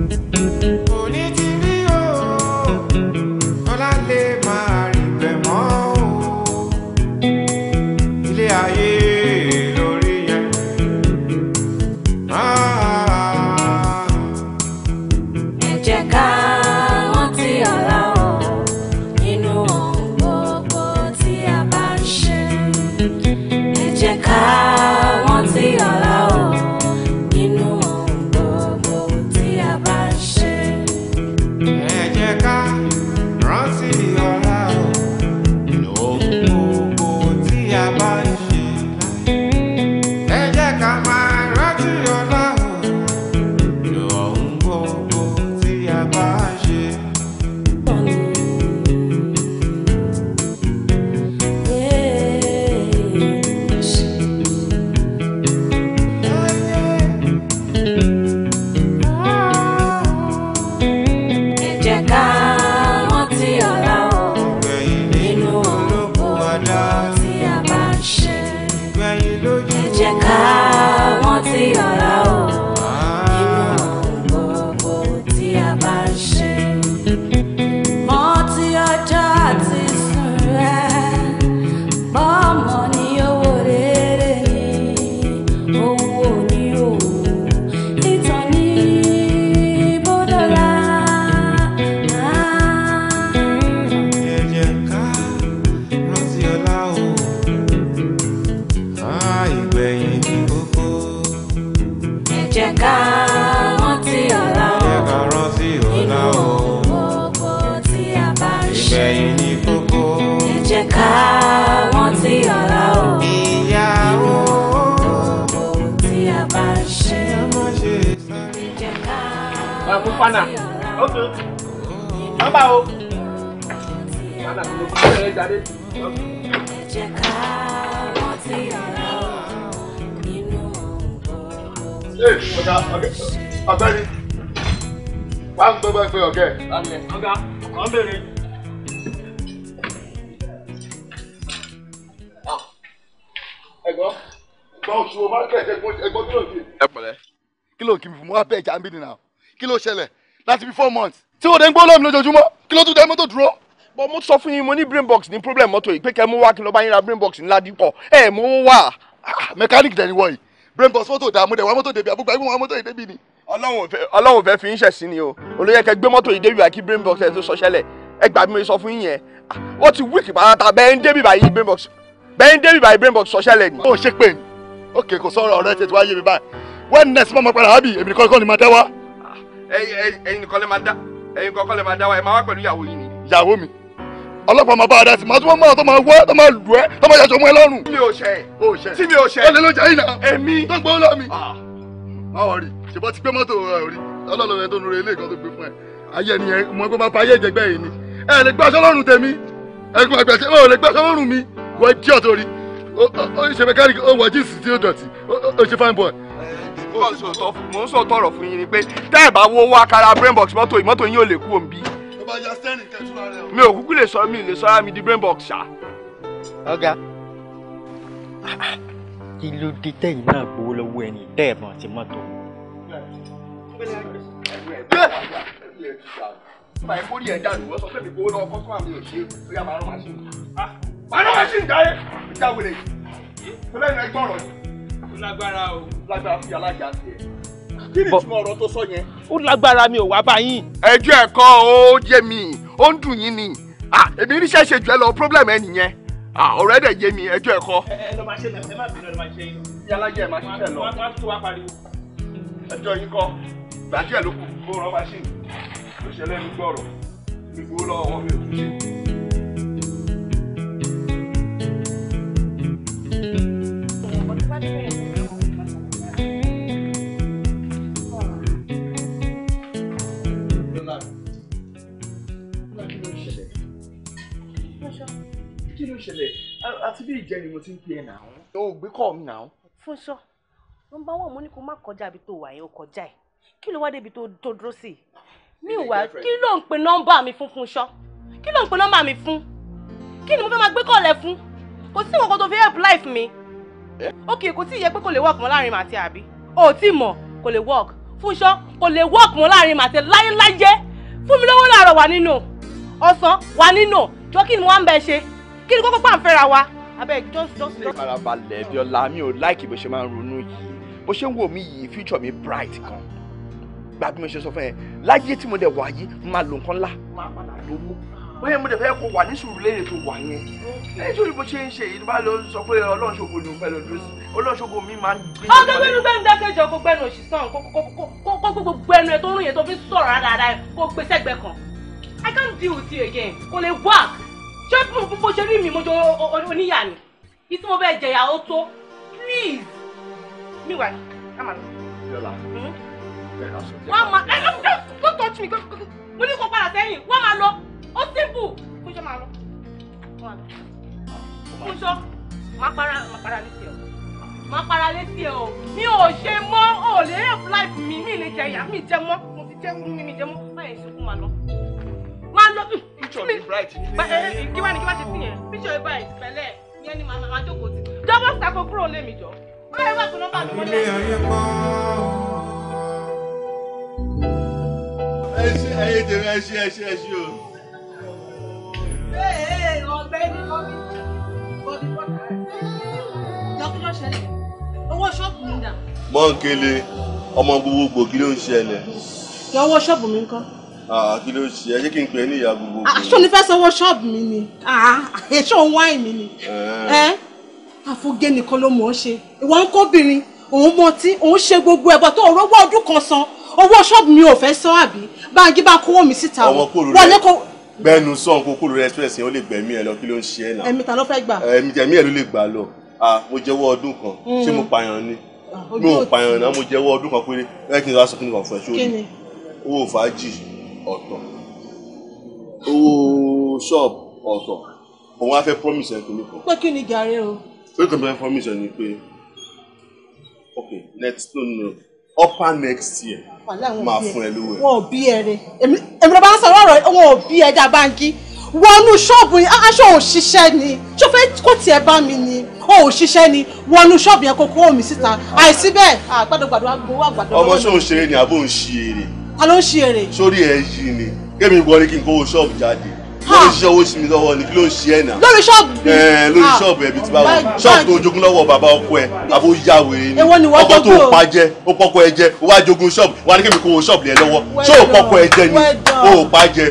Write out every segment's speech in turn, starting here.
Only fana ok nọ́mbà o fana kò lè fún jáde. ẹ ọ̀gá ọ̀gbẹ́ni wàá ń gbọ́gbọ́ pé ọ̀gá ọ̀gá ọ̀gá bèrè. Ah. ẹ̀gbọ́n gbọ́ oṣù wo máa ń tẹ̀ ẹ̀gbọ́n tó ń fi. ẹ pẹ̀lẹ́ kí ló ń kí mi fún mi wá bẹ́ẹ̀ jáde nínú àwọn kí ló ṣẹlẹ̀ láti bí four months tí o dé ń gbó lọ́mù lójoojúmọ́ kí ló tún dé mọ́tò dúró. bọ́ mo sọ fún yín mo ní brain box ní problem mọ́tò yìí pé kẹ́ mú wá kí n lọ bá yín ra brain box ńlá dípọ̀ ẹ̀ mo wà ah, mechanic dẹ̀ ni wọ̀nyí brain box mọ́tò dààmú dẹ̀ wá mọ́tò débi àbúgbà ẹ̀gbọ́n wá mọ́tò yìí débi ni. ọlọ́run ò fẹ́ fi ń ṣẹ̀sín ni o olóyè kẹ́ gbé mọ́tò yìí débi àkí brain box ẹ̀ tó sọ ṣẹlẹ̀ ẹ gbà bí mo sọ fún yín yẹn ah, ó ti wíìkì brain box bẹ́ẹ̀ ń débi báyìí brain box sọ ṣẹlẹ̀ ni. ó ṣe pé ok kò sọ̀rọ̀ ọ̀rẹ́ tètè wá yé mi báyìí wẹ́ẹ̀nẹ́sì mọ́ mọ́ padà hábì èmi nìkan ni máa dá ẹ̀yin nìkan lè máa dá ẹ̀yin kọ́kọ́ lè máa dá wa ẹ máa wá pẹ̀lú ìyàwó yìí ni. ìyàwó mi ọlọ́pàá máa bá a dá sí tún máa tó máa wá tó máa lù ẹ́ tó máa yàtọ̀ mú ẹ lọ́rùn. tí mi ò ṣe ò tí mi ò ṣe. ọlẹ́ ló jẹ́ ìnà èmi tó gbọ́ lọ́ mi. báwo ah. rí ṣùgbọ́n ti gbé mọ́tò rí ọlọ́lọ́ tó nu relé kan tó gbé fún ẹ ayé ẹni yẹn mọ máa pa ayé ìjẹgbẹ́ yìí ni ẹ lè gbàṣọ lọ́rùn tèmi ẹ lè gbàṣọ lọ́rùn mi wọ́n jí ọ̀tọ̀ rí ó ṣe mẹkáníkì ó wọ jíìsì tí ó dọ̀tí ó ṣe fine boy mo ń sọ tọrọ fún yín ni pé tẹ́ ẹ̀ bá wo wá kára brain box mọ́tò yìí mọ́tò yín ò lè kú òǹbí. mi ò kúkú lè sọ mi lè sọ ara mi di brain box ṣá. ọ̀gá kí ló dé tẹ̀yìn náà gbowó lọ́wọ́ ẹni tẹ́ ẹ̀ mọ̀ sí mọ́tò. báyìí kórìí ẹ̀ dànù wọ́n sọ pé mi gbowó lọ́wọ́ kọ́kọ́ àmì òṣèré ó yà máa rán màṣínì. màá rán màṣínì ah, dáyé ìjà wèrè yìí tó lẹ́yìn ẹgbọ́n ọ̀rọ̀ yìí lágbára o. lágbára fi alájà tiẹ̀. kí ni ìtumọ̀ ọ̀rọ̀ tó sọ yẹn. ó lágbára mi ò wá bá ẹjọ́ ẹ̀kọ́ ó yé mi ó ń dùn yín ni èmi ríṣẹ́ ṣe jù ẹ lọ problem ẹ nìyẹn ọ̀rọ̀ dẹ̀ yé mi ẹjọ́ ẹ̀kọ́. ẹ lọ máa ṣe ẹ má bínú ẹ lọ máa ṣe yín. yálàjà ẹ máa ṣiṣẹ́ lọ. wọ́n á tún wá pariwo. ẹjọ́ yín kọ́ gbàjú ló kù kó rọ́ máṣíìnì ló Thank you. ṣẹlẹ̀ àti bí ìjẹ́ ni mo ti ń pè ẹ́ nà án. o ò gbé kọ́ mi nà án. fún sọ nọ́mbà wọn mo ní kó má kọjá ibi tó wà yẹn ó kọjá ẹ kí ló wá débi tó dúró sí i mi wá kí ló ń pe nọ́mbà mi fún fún sọ kí ló ń pe nọ́mbà mi fún kí ni mo fẹ́ máa gbé kọ́ lẹ fún kò sí nǹkan tó fi help life mi. Eh? ok kò tí ì yẹ pé kò lè work mọ́ láàrin màtí àbí o ò tí ì mọ̀ kò lè work fúnṣọ́ kò lè work mọ́ láàrin màtí láyéláyé fún mi lọ́wọ́ làárọ̀ wà nínú ọ̀sán wà nínú jọ́kí ni wọ́n ń bẹ ṣe kí ni kókó pàm fẹ́ra wa abeg just just. ṣe ìfarabalẹ̀ bíọ́lá mi ò láìkì bó ṣe máa ń ronú yìí bó ṣe ń wò mí yìí future mi bright kan gba bí mo ṣe sọ fún ẹ láyé tí mo dẹ̀ wà yìí máa lo nǹkan ńlá máa padà lówó bóyá mo dẹ̀ fẹ́ kó wà ní sùúrù lẹ́yìn tó wà yẹn ẹni tó ní bó ṣe ń ṣe yìí bá lọ sọ pé ọlọ́run ṣògo ni mo fẹ́ lọ dúró sí ọlọ́run ṣògo mi máa ń gbé. ọjọ́ gbẹ́nu gbẹ́nu dákẹ́jọ kó gbẹ́nu òṣìṣàn kó gbogbo gbẹ́nu ẹ tó ń rìn yẹn tó fi sọ̀rọ̀ rárá kó gbé sẹ́gbẹ̀ẹ́ kan I can't deal with you again kò lè work ṣé bó ṣe rí mi mo jọ oníyà ni kí tí mo bẹ́ẹ̀ jẹ̀yà ó tó please mi wà hmm? á lọ. yọlá wọ́n máa ẹ ẹ don't touch me mo ní kó padà sẹ́yìn wọ́n máa lọ ó simple kó jọ máa lọ kó jọ máa para máa para ní tiẹ̀ o máa para létí ẹ o mi ò ṣe mọ́ ò lè rẹ̀ láìpù mi mi lè jẹ̀yà mi jẹ mọ́ mo ti jẹ́ mi mi jẹ mọ́ báyìí ìṣòkò máa lọ máa lọ picture mi bright. Eh, eh, kí wàá ní kí wàá ṣe sí yẹn picture bright pẹ̀lẹ́ yẹn ni màmá jókòó ti jọ̀wọ́ sàkó kúrò lé mi jọ báyọ̀ wà fún nọ́mbà mi wọlé. ẹ ṣe ẹyẹ tèmi ẹ ṣe ẹ ṣe ẹ ṣe o. ee ọ̀gbẹ́ni bọbi bọbi bọta lọkìlọ ṣẹlẹ̀ owó ṣọ́ọ̀bù mi dà. mọ́ǹkele ọmọ gbogbogbò kí ló ń ṣẹlẹ̀. yọ owó ṣọ́ọ̀bù mi ń kọ́. Ah, kí ló ṣe ẹ jẹ́ kí n pè é ní ìyá gbogbo. aṣọ ah, ni fẹ́ sanwó ṣọ́ọ̀bù mi ni aṣọ ah, wáìn mi ni eh. àfogé nìkan ló mọ̀ ọ́ ṣe ìwọ ń kóbìnrin òun mọ tí òun ṣe gbogbo ẹ̀bọ tó rówó ọdún kan san owó ṣọ́ọ̀bù mi ò fẹ́ san àbí báńkì bá kówó mi síta wọlé kó gbẹnu sọ̀n kó kúrò rẹ express yẹn ó lè gbẹ̀mí ẹ lọ kí ló ń ṣe ẹ náà ẹ̀mí ta ló fẹ́ gbà ẹ̀mí tẹ̀mí ẹ ló lè gbà lọ mo jẹ́wọ́ mm. mo pààyàn ni mi ò pààyàn náà mo jẹ́wọ́ ọdún kan péré ẹ o ò ọ̀tọ̀ owó ṣọ́ọ̀bù ọ̀tọ̀ òun á fẹ́ promise ẹ kìíní kan. pé kí ni gàrí o. pé kí ni fẹ́ promise ẹ ni pé ok next no no upper next year máa fún ẹ lówó ẹ. wọn ò bí ẹ rẹ èmi ló bá ń sọ ọ̀rọ̀ wọn ò bí ẹ dá báńkì wọnú ṣọ́ọ̀bù yẹn aṣọ òṣìṣẹ́ ni ṣó fẹ́ kó tiẹ̀ bá mi ni ó òṣìṣẹ́ ni wọnú ṣọ́ọ̀bù yẹn kó kó omi síta àìsí bẹ́ẹ̀ àgbàdo gbàdo àgbàdo. ọmọ ṣó ń ṣeré ni àbó ń ṣe eré a ló ń ṣe èrè. sórí ẹ yìí ni kémi ìwọ ni kí n kówó ṣọ́ọ̀bù jáde lórí ṣọ́ọ̀bù sí mi lọ́wọ́ ni kí ló ń ṣe ẹ̀ náà. lórí ṣọ́ọ̀bù mi. ẹ lórí ṣọ́ọ̀bù ẹbí tí bá wọ ṣọ́ọ̀bù tó jogún lọ́wọ́ bàbá ọkọ ẹ àbó ya wèrè ni ọkọ tó pa jẹ ó pọkọ ẹ jẹ ó wá jogún ṣọ́ọ̀bù wà ní kémi kówó ṣọ́ọ̀bù yẹn lọ́wọ́ ṣé ò pọkọ ẹ jẹ ni ó pa jẹ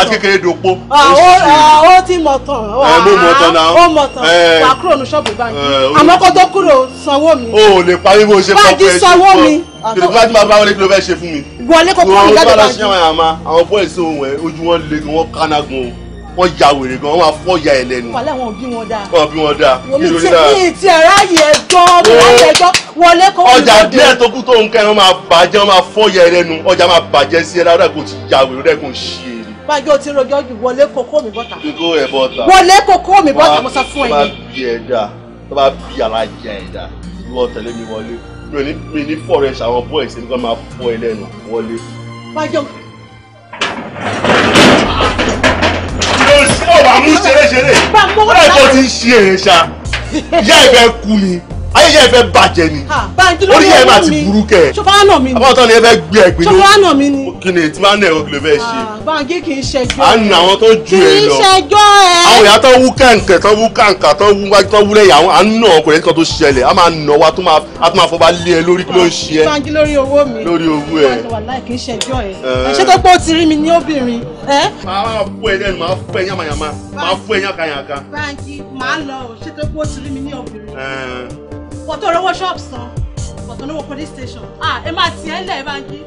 àti kékeré dopó. ó ti mọ̀ tán ó mọ̀ tán wà kúrò ní ṣọ́ọ̀bù báyìí àmọ́ kó tó kúrò sanwó mi. o ò lè parí bó ṣe pọkọ ẹ ṣe fún ọ wọlé kó kúrò nígbàdàn bá ń jù. àwọn bọ́ọ̀sì ohun ẹ̀ ojú wọn le gan wọn kánágun o wọ́n ya wèrè gan wọ́n máa fọ́ ya ẹ̀ lẹ́nu. wàhálà wọn bí wọn dáa. wọn bí wọn dáa. omi tí mi ti ẹ̀rọ ayé ẹ̀ gan mi láti ẹ̀ gan wọlé kó kúrò. ọjà díẹ̀ tó kú tó ń kẹ́ ẹ̀ wọ́n máa bàjẹ́ wọ́n máa fọ́ ya ẹ̀ lẹ́nu ọjà máa bàjẹ́ sí ẹ̀ lára kò ti ya wèrè rẹ̀ kò ń ṣe é. bájọ́ ti rojọ́ ju wọlé kókó mi bọ́ta. kíkó ẹ̀ bọ́ta. wọlé kókó mi bọ́ta mo sọ fún ẹ̀yin. tó bá bí ẹ̀dá tó bá bí àlàjẹ ẹ̀dá lọ tẹ̀lé mi wọlé mi ò ní mi ní fọ̀ rẹ̀ ṣàwọn bọ́ọ̀ ìṣẹ́ni kan máa fọ ẹ lẹ́nu wọlé. má jẹun. sí ọ̀wà mú ṣeré ti ń ṣe èrè ṣá yá ìbẹ́ kú ni ayẹyẹ fẹ́ bàjẹ́ ni orí yẹn máa ti burú kẹ àwọn ni ẹ fẹ́ gbé ẹgbẹ́ ní kí ni tí máa ń ẹ̀rọ kí ló fẹ́ ṣe. bàǹgì kì í ṣẹjọ́ ẹ à ń nà àwọn tó ju ẹ lọ kì í ṣẹjọ́ ẹ. àwọn ìyá tó wú kẹ̀ǹkẹ̀ tó wú kàǹkà tó wú wájú tó wú lẹ́yìn àwọn à ń nà ọkùnrin kan tó ṣẹlẹ̀ a máa nà wa tó máa a tó máa fọba lé ẹ lórí kí ló ń ṣe ẹ. bàǹgì lórí owó mi lórí owó ẹ. wàláì kì í ṣẹjọ́ ẹ tó pé ó mi ní obìnrin. máa fọ ẹ lẹ́nu máa fọ ẹ yàmàyàmà máa fọ ẹ yàkàyàkà. bàǹgì máa lọ ṣe tó pé ó mi ní obìnrin. What are rówó shops? What are tó police station ah ẹ máa tiẹ̀ ńlẹ̀ ẹ máa ń jí.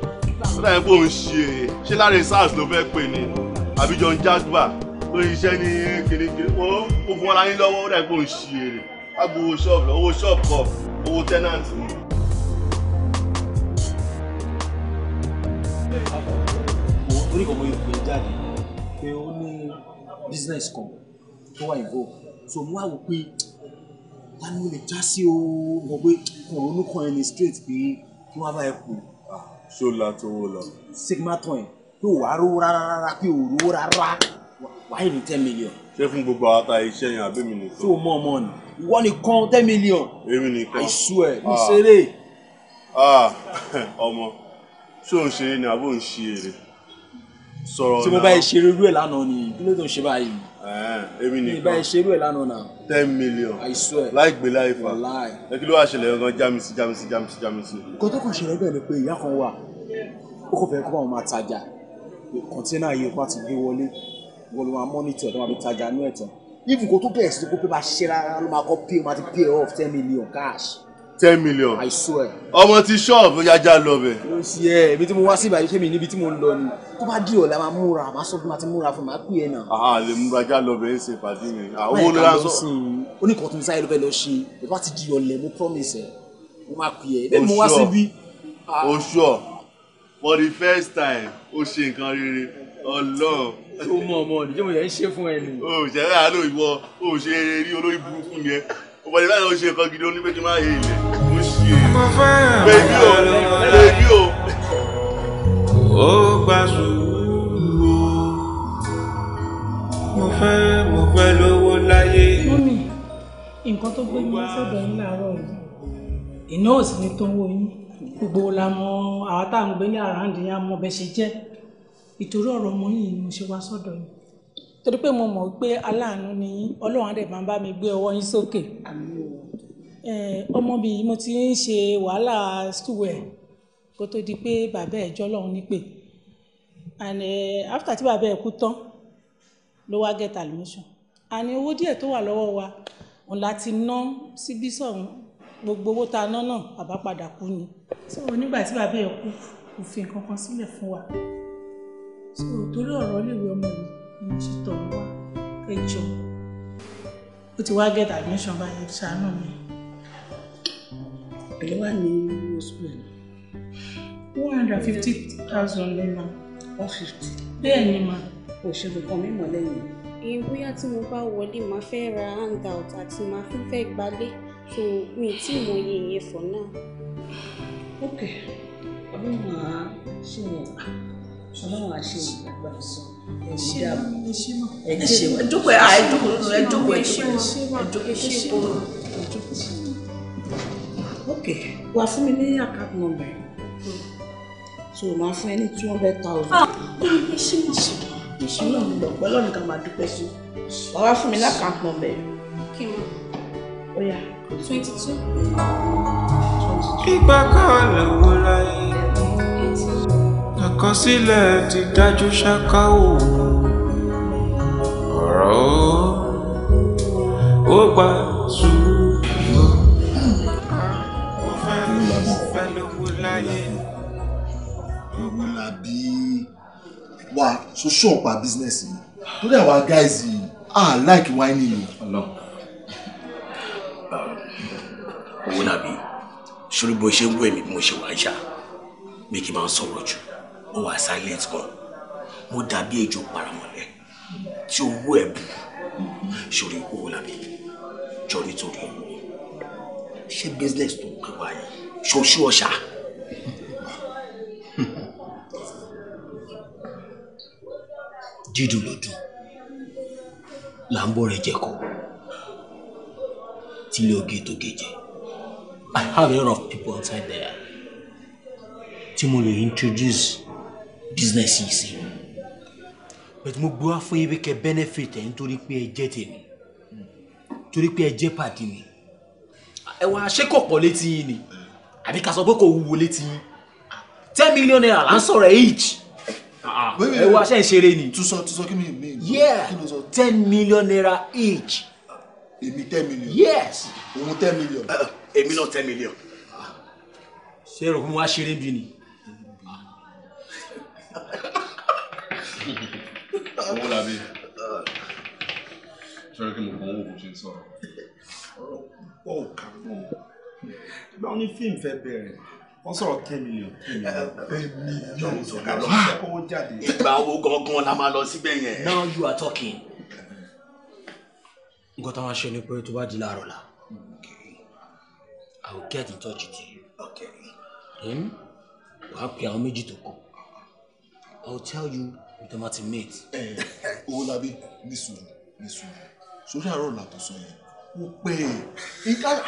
sọ́dà ẹ̀ bò ń ṣe é ṣé láre sars ló fẹ́ pè ní àbíjọ ń jágbà tó ń ṣiṣẹ́ ní kékeré ó fún wọn láyé lọ́wọ́ ó dà ẹ̀ bò go ṣe é àgbo owó ṣọ́ọ̀bù owó tenant ni. orí kan mo yọ pé business Come. tó wà go. so mo wá wò tani mo lè já sí o mọ̀ pé kò ronú ẹni straight pé kí wọ́n bá ẹ kù. Ah, ṣó la tó wó lọ. sigma tán ẹ pé ò wá rówó rárá rárá pé ò rówó rárá wà á yìí ten million. ṣé fún gbogbo ata iṣẹ́ yẹn àbí mi nìkan. tó o mọ ọmọ nì ìwọ nìkan ten million. èmi nìkan I swear mi ah. ṣeré. Ah, ọmọ ṣé o ń ṣeré ni àbó ń ṣe èrè sọ̀rọ̀ náà. tí mo bá yẹ ṣeré irú ẹ̀ lánàá ni kí ló tó ń ṣe báyìí. Eh, èmi nìkan ìbá ìṣerú ẹ̀ lánàá náà. ten million I swear láì gbé láì fà ẹ kí ló wàá ṣẹlẹ̀ gangan jámísì jámísì jámísì jámísì. nǹkan tó kàn ṣẹlẹ̀ bẹ́ẹ̀ ni pé ìyá kan wà ó kò fẹ́ kó àwọn máa tajà kọ̀ńténà yìí wọ́n ti gbé wọlé wọ́n ló máa mọ́nítọ̀ tó máa fi tajà ní ẹ̀tàn even tó bẹ̀rẹ̀ sí kó pé máa ṣe ló máa kọ́ pay máa ti pay off ten million cash ten million. I swear. ọmọ ti ṣọ́ọ̀bù yájà lọ bẹ̀. ló ṣe ẹ ibi tí mo wá sí ìbàdí kébì níbi tí mo ń lọ ni tó bá di ọ̀la máa múra máa sọ fún ma ti múra fún ma pè é náà. àá lè múra já lọ bẹ̀ ẹ́ ṣe pàdé mi. àwọn olóyàsọ. oníkan tó ń sáré ló fẹ́ lọ ṣe ló bá ti di ọ̀lẹ̀ mo promise ẹ mo máa pè é bẹ́ẹ̀ mo wá síbí. Ah. o sure for the first time o ṣe nǹkan rere ọlọ́run o mọ̀ ọmọ ọ̀dìjọ́ mo yẹ ń ṣe fún ẹ ni. o ṣẹ̀rẹ̀ àánú ìwọ o ṣe eré olórí burúkú yẹn kò bọ̀ nígbà tó ṣe nǹkan gidi oní méjì máa yé ilẹ̀ ó ṣe bèbí o bèbí o. ó gbà sùúrù mo fẹ́ mo fẹ́ lówó láyé. mọ́mí nǹkan tó gbé mi sọ́dọ̀ yín láàárọ̀ yìí iná ò sì ní tó ń wo yín gbogbo la mọ àwọn tá à ń gbé ní àràǹdí yẹn á mọ bẹ́ẹ̀ ṣe jẹ́ ìtorí ọ̀rọ̀ ọmọ yìí ni mo ṣe wá sọ́dọ̀ yìí torí pé mo mọ̀ pé aláàánú ni yín ọlọ́run á dẹ̀ máa bá mi gbé ọwọ́ yín sókè. ọmọ mi mo ti ń ṣe wàhálà school kó tó di pé bàbá ẹ̀ jọ́ lọ́run nípè after tí bàbá ẹ̀ kú tán ló wá get admission àní owó díẹ̀ tó wà lọ́wọ́ wa òun láti ná síbí sọ̀hún gbogbo owó tá ná náà bàbá kú ni. so nígbà tí bàbá ẹ̀ kú kò fi sílẹ̀ fún wa so torí ọ̀rọ̀ léwu ọmọ yìí inú títọ́ wà ẹ ó ti wá get admission báyìí ṣàánú mi. èlé wà ní hospital. one hundred fifty thousand ní ma. one fifty. bẹ́ẹ̀ ni ma. òṣèlú kan mímọ́ lẹ́yìn. èyí bóyá tí mo bá wọlé màá fẹ́ ra handout àti màá tún fẹ́ gbalé tó mi tí mo yẹ ìyẹn fọ̀ náà. ok ọlọ́run àá ṣe ọlọ́run àá ṣe ìgbàgbọ́ sọ ẹ ṣe ma ẹ ṣe ma ẹjọkọ ẹ ẹjọkọ ẹ ẹjọkọ ẹ ẹjọkọ ok wà fún mi ní àkáàtì nọ́mbà ẹ so màá fún ẹ ní two hundred thousand. ẹ ṣe ma ṣe ma ṣe ma lọ pẹ̀lú ọ̀nà kan máa dúpẹ́ sí wà wá fún mi ní àkáàtì nọ́mbà ẹ. kí ni. ó yá. twenty two. ìgbà kan lòun láyé àkọsílẹ̀ ti dájú ṣáká o ọ̀rọ̀ ó gba sùúrù. mo fẹ́ fẹ́ lówó láyé. owó la bí wa so ṣó ọ̀pá bísínẹ́sì mi torí àwa guys yìí à láìkí wáìnì yìí. owó làbí sórí bó ṣe ń wẹ̀ mí bí mo ṣe wà ń ṣá mi kì í máa ń sọ̀rọ̀ jù mo wà silent gan mo dàbí ejò paramọ̀lẹ́ tí owó ẹ̀ bù owó làbí jọ nítorí owó ṣé business tó gbé wá yìí ṣoṣú ọ̀ṣà. dídùn ló dùn là ń bọ̀ rẹ jẹ̀kọ tílé oge tó gèjè I have a lot of people outside there tí mo lè introduce business yìí sí. bẹ́ẹ̀ mo gbọ́ fún yín pé kẹ́ benefit ẹ̀ nítorí pé ẹ jẹ́ tèmi torí pé ẹ jẹ́ pàdé mi ẹ wá ṣé kò pọ̀ létí yín ni àbí ká sọ pé kò wúwo létí yín ten million naira là ń sọ̀rọ̀ each ẹ wá ṣe ń ṣeré ni. túsọ túsọ kí ni mi. yeah ten million naira each. èmi ten million. yes. òun ten million. èmi náà ten million. ṣé èrò fún wa ṣeré bí ni owó làbí sọ̀rọ̀ kí mo gbọ́n owó kò ṣe ń sọ̀rọ̀. ọ̀rọ̀ pọ̀ kà mọ́ ìgbà wọn ní fíìmù fẹ́ bẹ̀rẹ̀ wọ́n sọ̀rọ̀ ten million ten million. mílíọ̀nù sọ̀rọ̀ lọ sí kówó jáde. ìgbà owó gangan la máa now you are talking. Got táwọn aṣọ ni pé tó bá di láàárọ̀ I will get in touch with you. Okay. Hmm. wàá pe àwọn méjì to kù. I'll tell you the ultimate. Eh, Owólabí ní sùúrù ní sùúrù sórí àárọ̀ làtọ̀ So yẹn ó pè é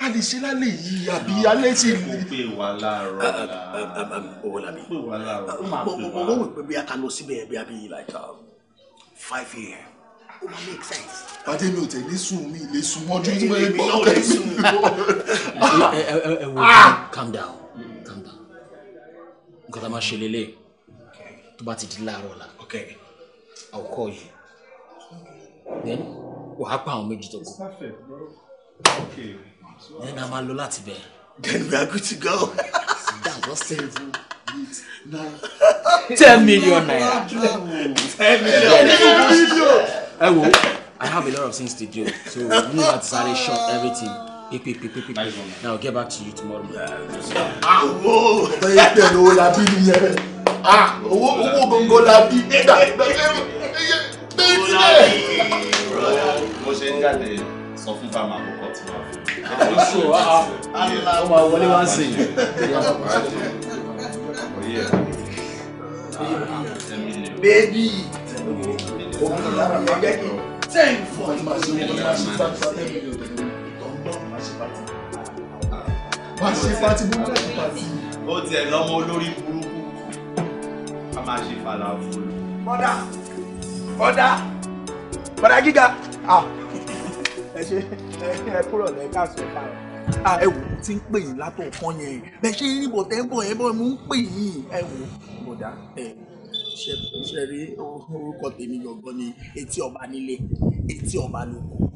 a lè ṣe lálẹ́ yìí àbí ah, alẹ́ ti lè. Ah, ah, ó pè wá láàárọ̀ Owólabí ó pè wá láàárọ̀ ó máa pè wá. mo wò pé bí a kan lọ síbẹ̀ bí a bí like um, five years ó máa make sense. pàdé mi ò tẹ̀ ní sùn mi lè sùn mọ́jú tí mo lè gbọ́ ọ̀rẹ́ mi. ẹ ẹ ẹ wo calm down calm down nǹkan tá a máa ṣe lélẹ́yìí tó bá ti di láàárọ̀ la okay I will call you then wà á pa àwọn méjì tó kù then a máa lọ láti bẹ̀. then we are good to go. that was terrible. Now, ten million naira. ten million naira. ẹ wo I have a lot of things to do so you need to sáré shop everything. Pipi, pipi, pipi. Now I'll get back to you tomorrow. Yeah. Ah, whoa! Ah, owó owó gbogbo la bí nígbà bẹ́ẹ̀ mo ṣe ń jáde sọ fún fáwọn àkọ́kọ́ tí wọ́n fi. oṣù ọ ah, ah. máa wọlé wá sí i. bébì ten for máa ṣe pati bó máa ṣe pati. ó tiẹ̀ lọ́mọ olórí burú wọ́n máa ṣe falafolo. bọ́dà bọ́dà bọ́dà gíga ẹ ṣe ẹ kúrò lẹ́ka sọ fara a ẹ wò ó ti ń pè yín látọ̀ kan yẹn bẹ ṣe ní bọ̀tẹ́ ń bọ̀ ẹ bọ̀ mú ń pè yín ẹ wò ó bọ̀dà ẹ ṣe rí orúkọ tèmi gbọ̀ngàn ní etí ọba nílé etí ọba lóko mo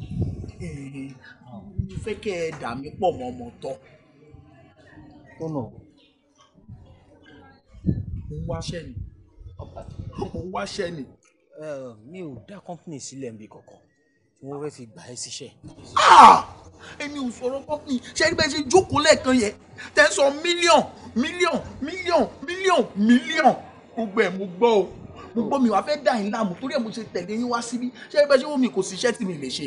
fẹ́ kẹ́ ẹ dà mí pọ̀ mọ́ ọmọ tọ́. ó mo ń wáṣẹ́ ni wá ṣẹ́ ni. mi ò dá company sílẹ̀ níbi kankan tí wọ́n fẹ́ fi gbà ẹ́ síṣẹ́. Ah! èmi ò sọ̀rọ̀ company ṣé bẹ́ẹ̀ ṣe jókòó lẹ́ẹ̀kan yẹn tẹ́ ń sọ mílíọ̀n mílíọ̀n mílíọ̀n mílíọ̀n mílíọ̀n gbogbo ẹ̀ mo gbọ́ o mo gbọ́ mi wá fẹ́ dà yín láàmú torí ẹ̀ mo ṣe tẹ̀lé yín wá síbí ṣé bẹ́ẹ̀ ṣe wọ́n mi kò síṣẹ́ tí mi lè ṣe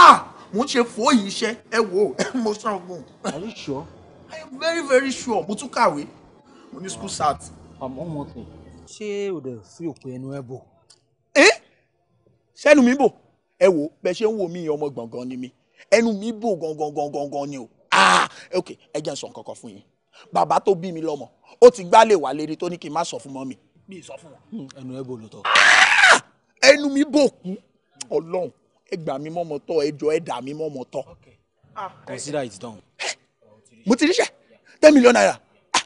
ah! mo ń ṣe fòóyì iṣẹ́ ẹ wò mo sàn fún un. are you sure. I am very very sure mo tún kàwé mo ní school sat. àmọ́ wọn tẹ̀ ṣé o dẹ̀ fi òpin ẹnu ẹ bò. ẹ sẹ́nu mi bò ẹ wò bẹ́ ṣe ń wo mi ọmọ gbọ̀ngàn ni mi ẹnu mi bò gangan gangan gan ni o ah ok ẹ jẹ́ n sọ nǹkan kan fún yín bàbá tó bí mi lọ́mọ ó ti gbálẹ̀ wà lérí tó ní kí n má sọ fún mọ́ mi mi sọ fún wọn. Hmm, ẹnu ẹ bò ló tọ. Ah, ẹnu mi bò kú ọlọ́run ẹ gbà mí mọ́mọ́ tọ́ ẹ jọ ẹ dà mí mọ́mọ́ tọ́. Ah, consider it done. mo ti ríṣẹ́ ten million naira ah,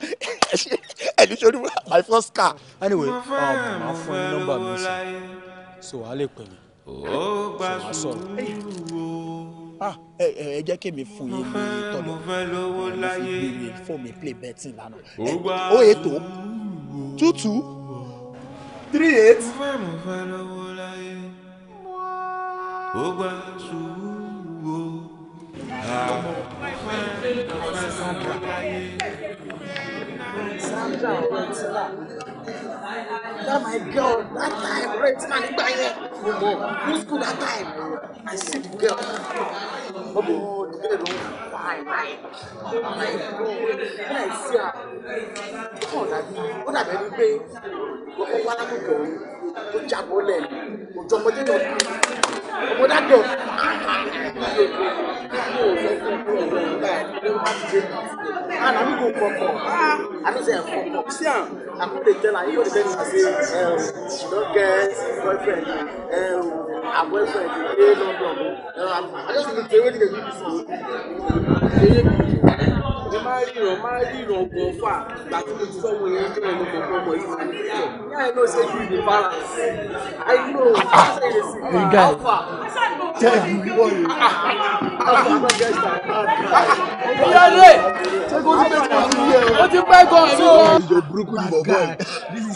ẹni sori my first car anyway màá um, fún yín nọ́mbà mi sí so wàá lè pè mí so màá sọ̀rọ̀ ah, ẹ jẹ́ kí mi fún yín ní tọ́lọ̀ mo fi gbé mi fún mi play betting lánàá ó ètò two two three eight. ó gbà sùúrù o. Ah, That my girl, that time, Retila nígbà yẹn, mo mọ̀, new school that time, I see the girl. Mo bí mo the girl don fine fine. I'm like, bro, when I see her, ó dàbí ó dàbí ẹni pé ó wá lákòókò ó jábọ́ lẹ̀ ojú ọmọdé náà mo dájọ́ and I'm going to come for. I don't say I'm for. See, I'm going to tell her, you know, the thing I say, um, she don't get boyfriend. Um, her boyfriend, they don't know. Um, I just want to tell you what they do. They do ẹ máa ríran máa ríran ọgbọ̀n fà láti mo ti sọ́wọ́ yẹn jẹ́ ẹni kọ̀ọ̀kan ọmọ yìí ní ìlú yà ẹ ṣe ju ìdè fara i ah. ṣe lè sí fà alpha ìwọ yìí ah, ah, alpha náà gẹ̀ ṣe àgbà. ṣé kó ti pẹ́ gan-an. ó ti pẹ́ gan-an. ìjọ burúkú ni bọ̀bọ̀ yìí.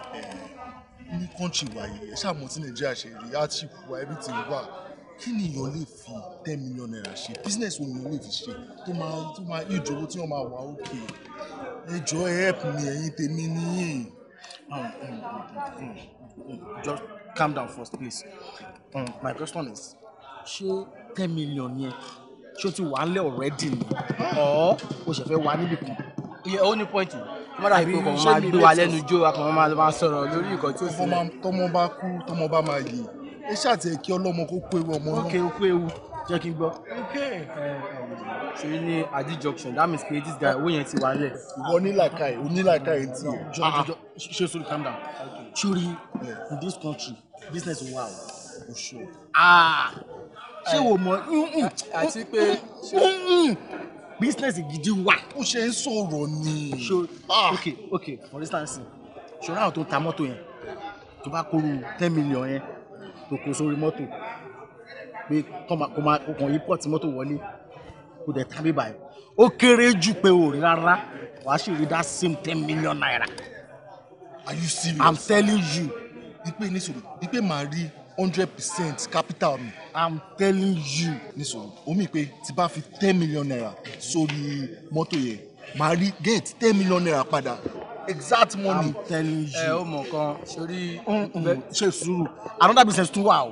ní kọ́ńtì wa ẹ ṣáà mọ̀ tí nàìjíríà ṣe rí hardship wa everything wà kí ni èèyàn lè fi ten million naira ṣe business wo èèyàn lè fi ṣe tó máa tó máa ìjòwó tí wọ́n máa wà òkè ẹ jọ̀ọ́ ẹ help me ẹ̀yin tèmi nìyí. Um, um, um, just calm down first please um, my question is ṣé ten million yẹn ṣé o ti wà á lẹ̀ already ni ọ̀ o ṣẹ̀fẹ̀ wà níbì kan. ìyẹn ó ní pọ́ìntì wọ́n dàbí pé kò máa gbé wa lẹ́nu jó akọ̀ máa máa sọ̀rọ̀ lórí nǹkan tí ó sì lẹ̀. tọmọ bá kú tọmọ bá máa yè é ṣàtì ẹ kí ọlọ́mọ kó kó ewu ọmọ náà. ok ó ewu jẹ́ kí n gbọ́. Eh, eh, ṣe ní adi junction that means pé this guy owó yẹn ti wà lẹ̀. ìwọ nílàkàyè onílàkàyè ti yẹ. Ah, ah. jọjọ ṣe sori calm down. churi eh, in this country business wa o. Ah. ṣé wo mọ. àti pé business gidi wà. ó ṣe ń sọ̀rọ̀ ni. so ah. ok ok for instance ṣọ́ra àwọn tó ta mọ́tò yẹn tó bá kóró ten million yẹn tó kó sórí mọ́tò pé kó máa kó kàn yí pọ̀ tí mọ́tò wọlé kó dẹ̀ tábí báyìí ó kéré jù pé ò rárá wàá sì rí that same ten million naira. are you serious. i'm telling you. ipe nisoro ipe màá rí hundred percent capital mi i'm telling you nísòro omi pé tí bá fi ten million naira sórí mọ́tò yẹn màá rí gate ten million naira padà exact money. i'm telling you. ẹ o mọ kan sori. ṣe sùúrù another business tún wà o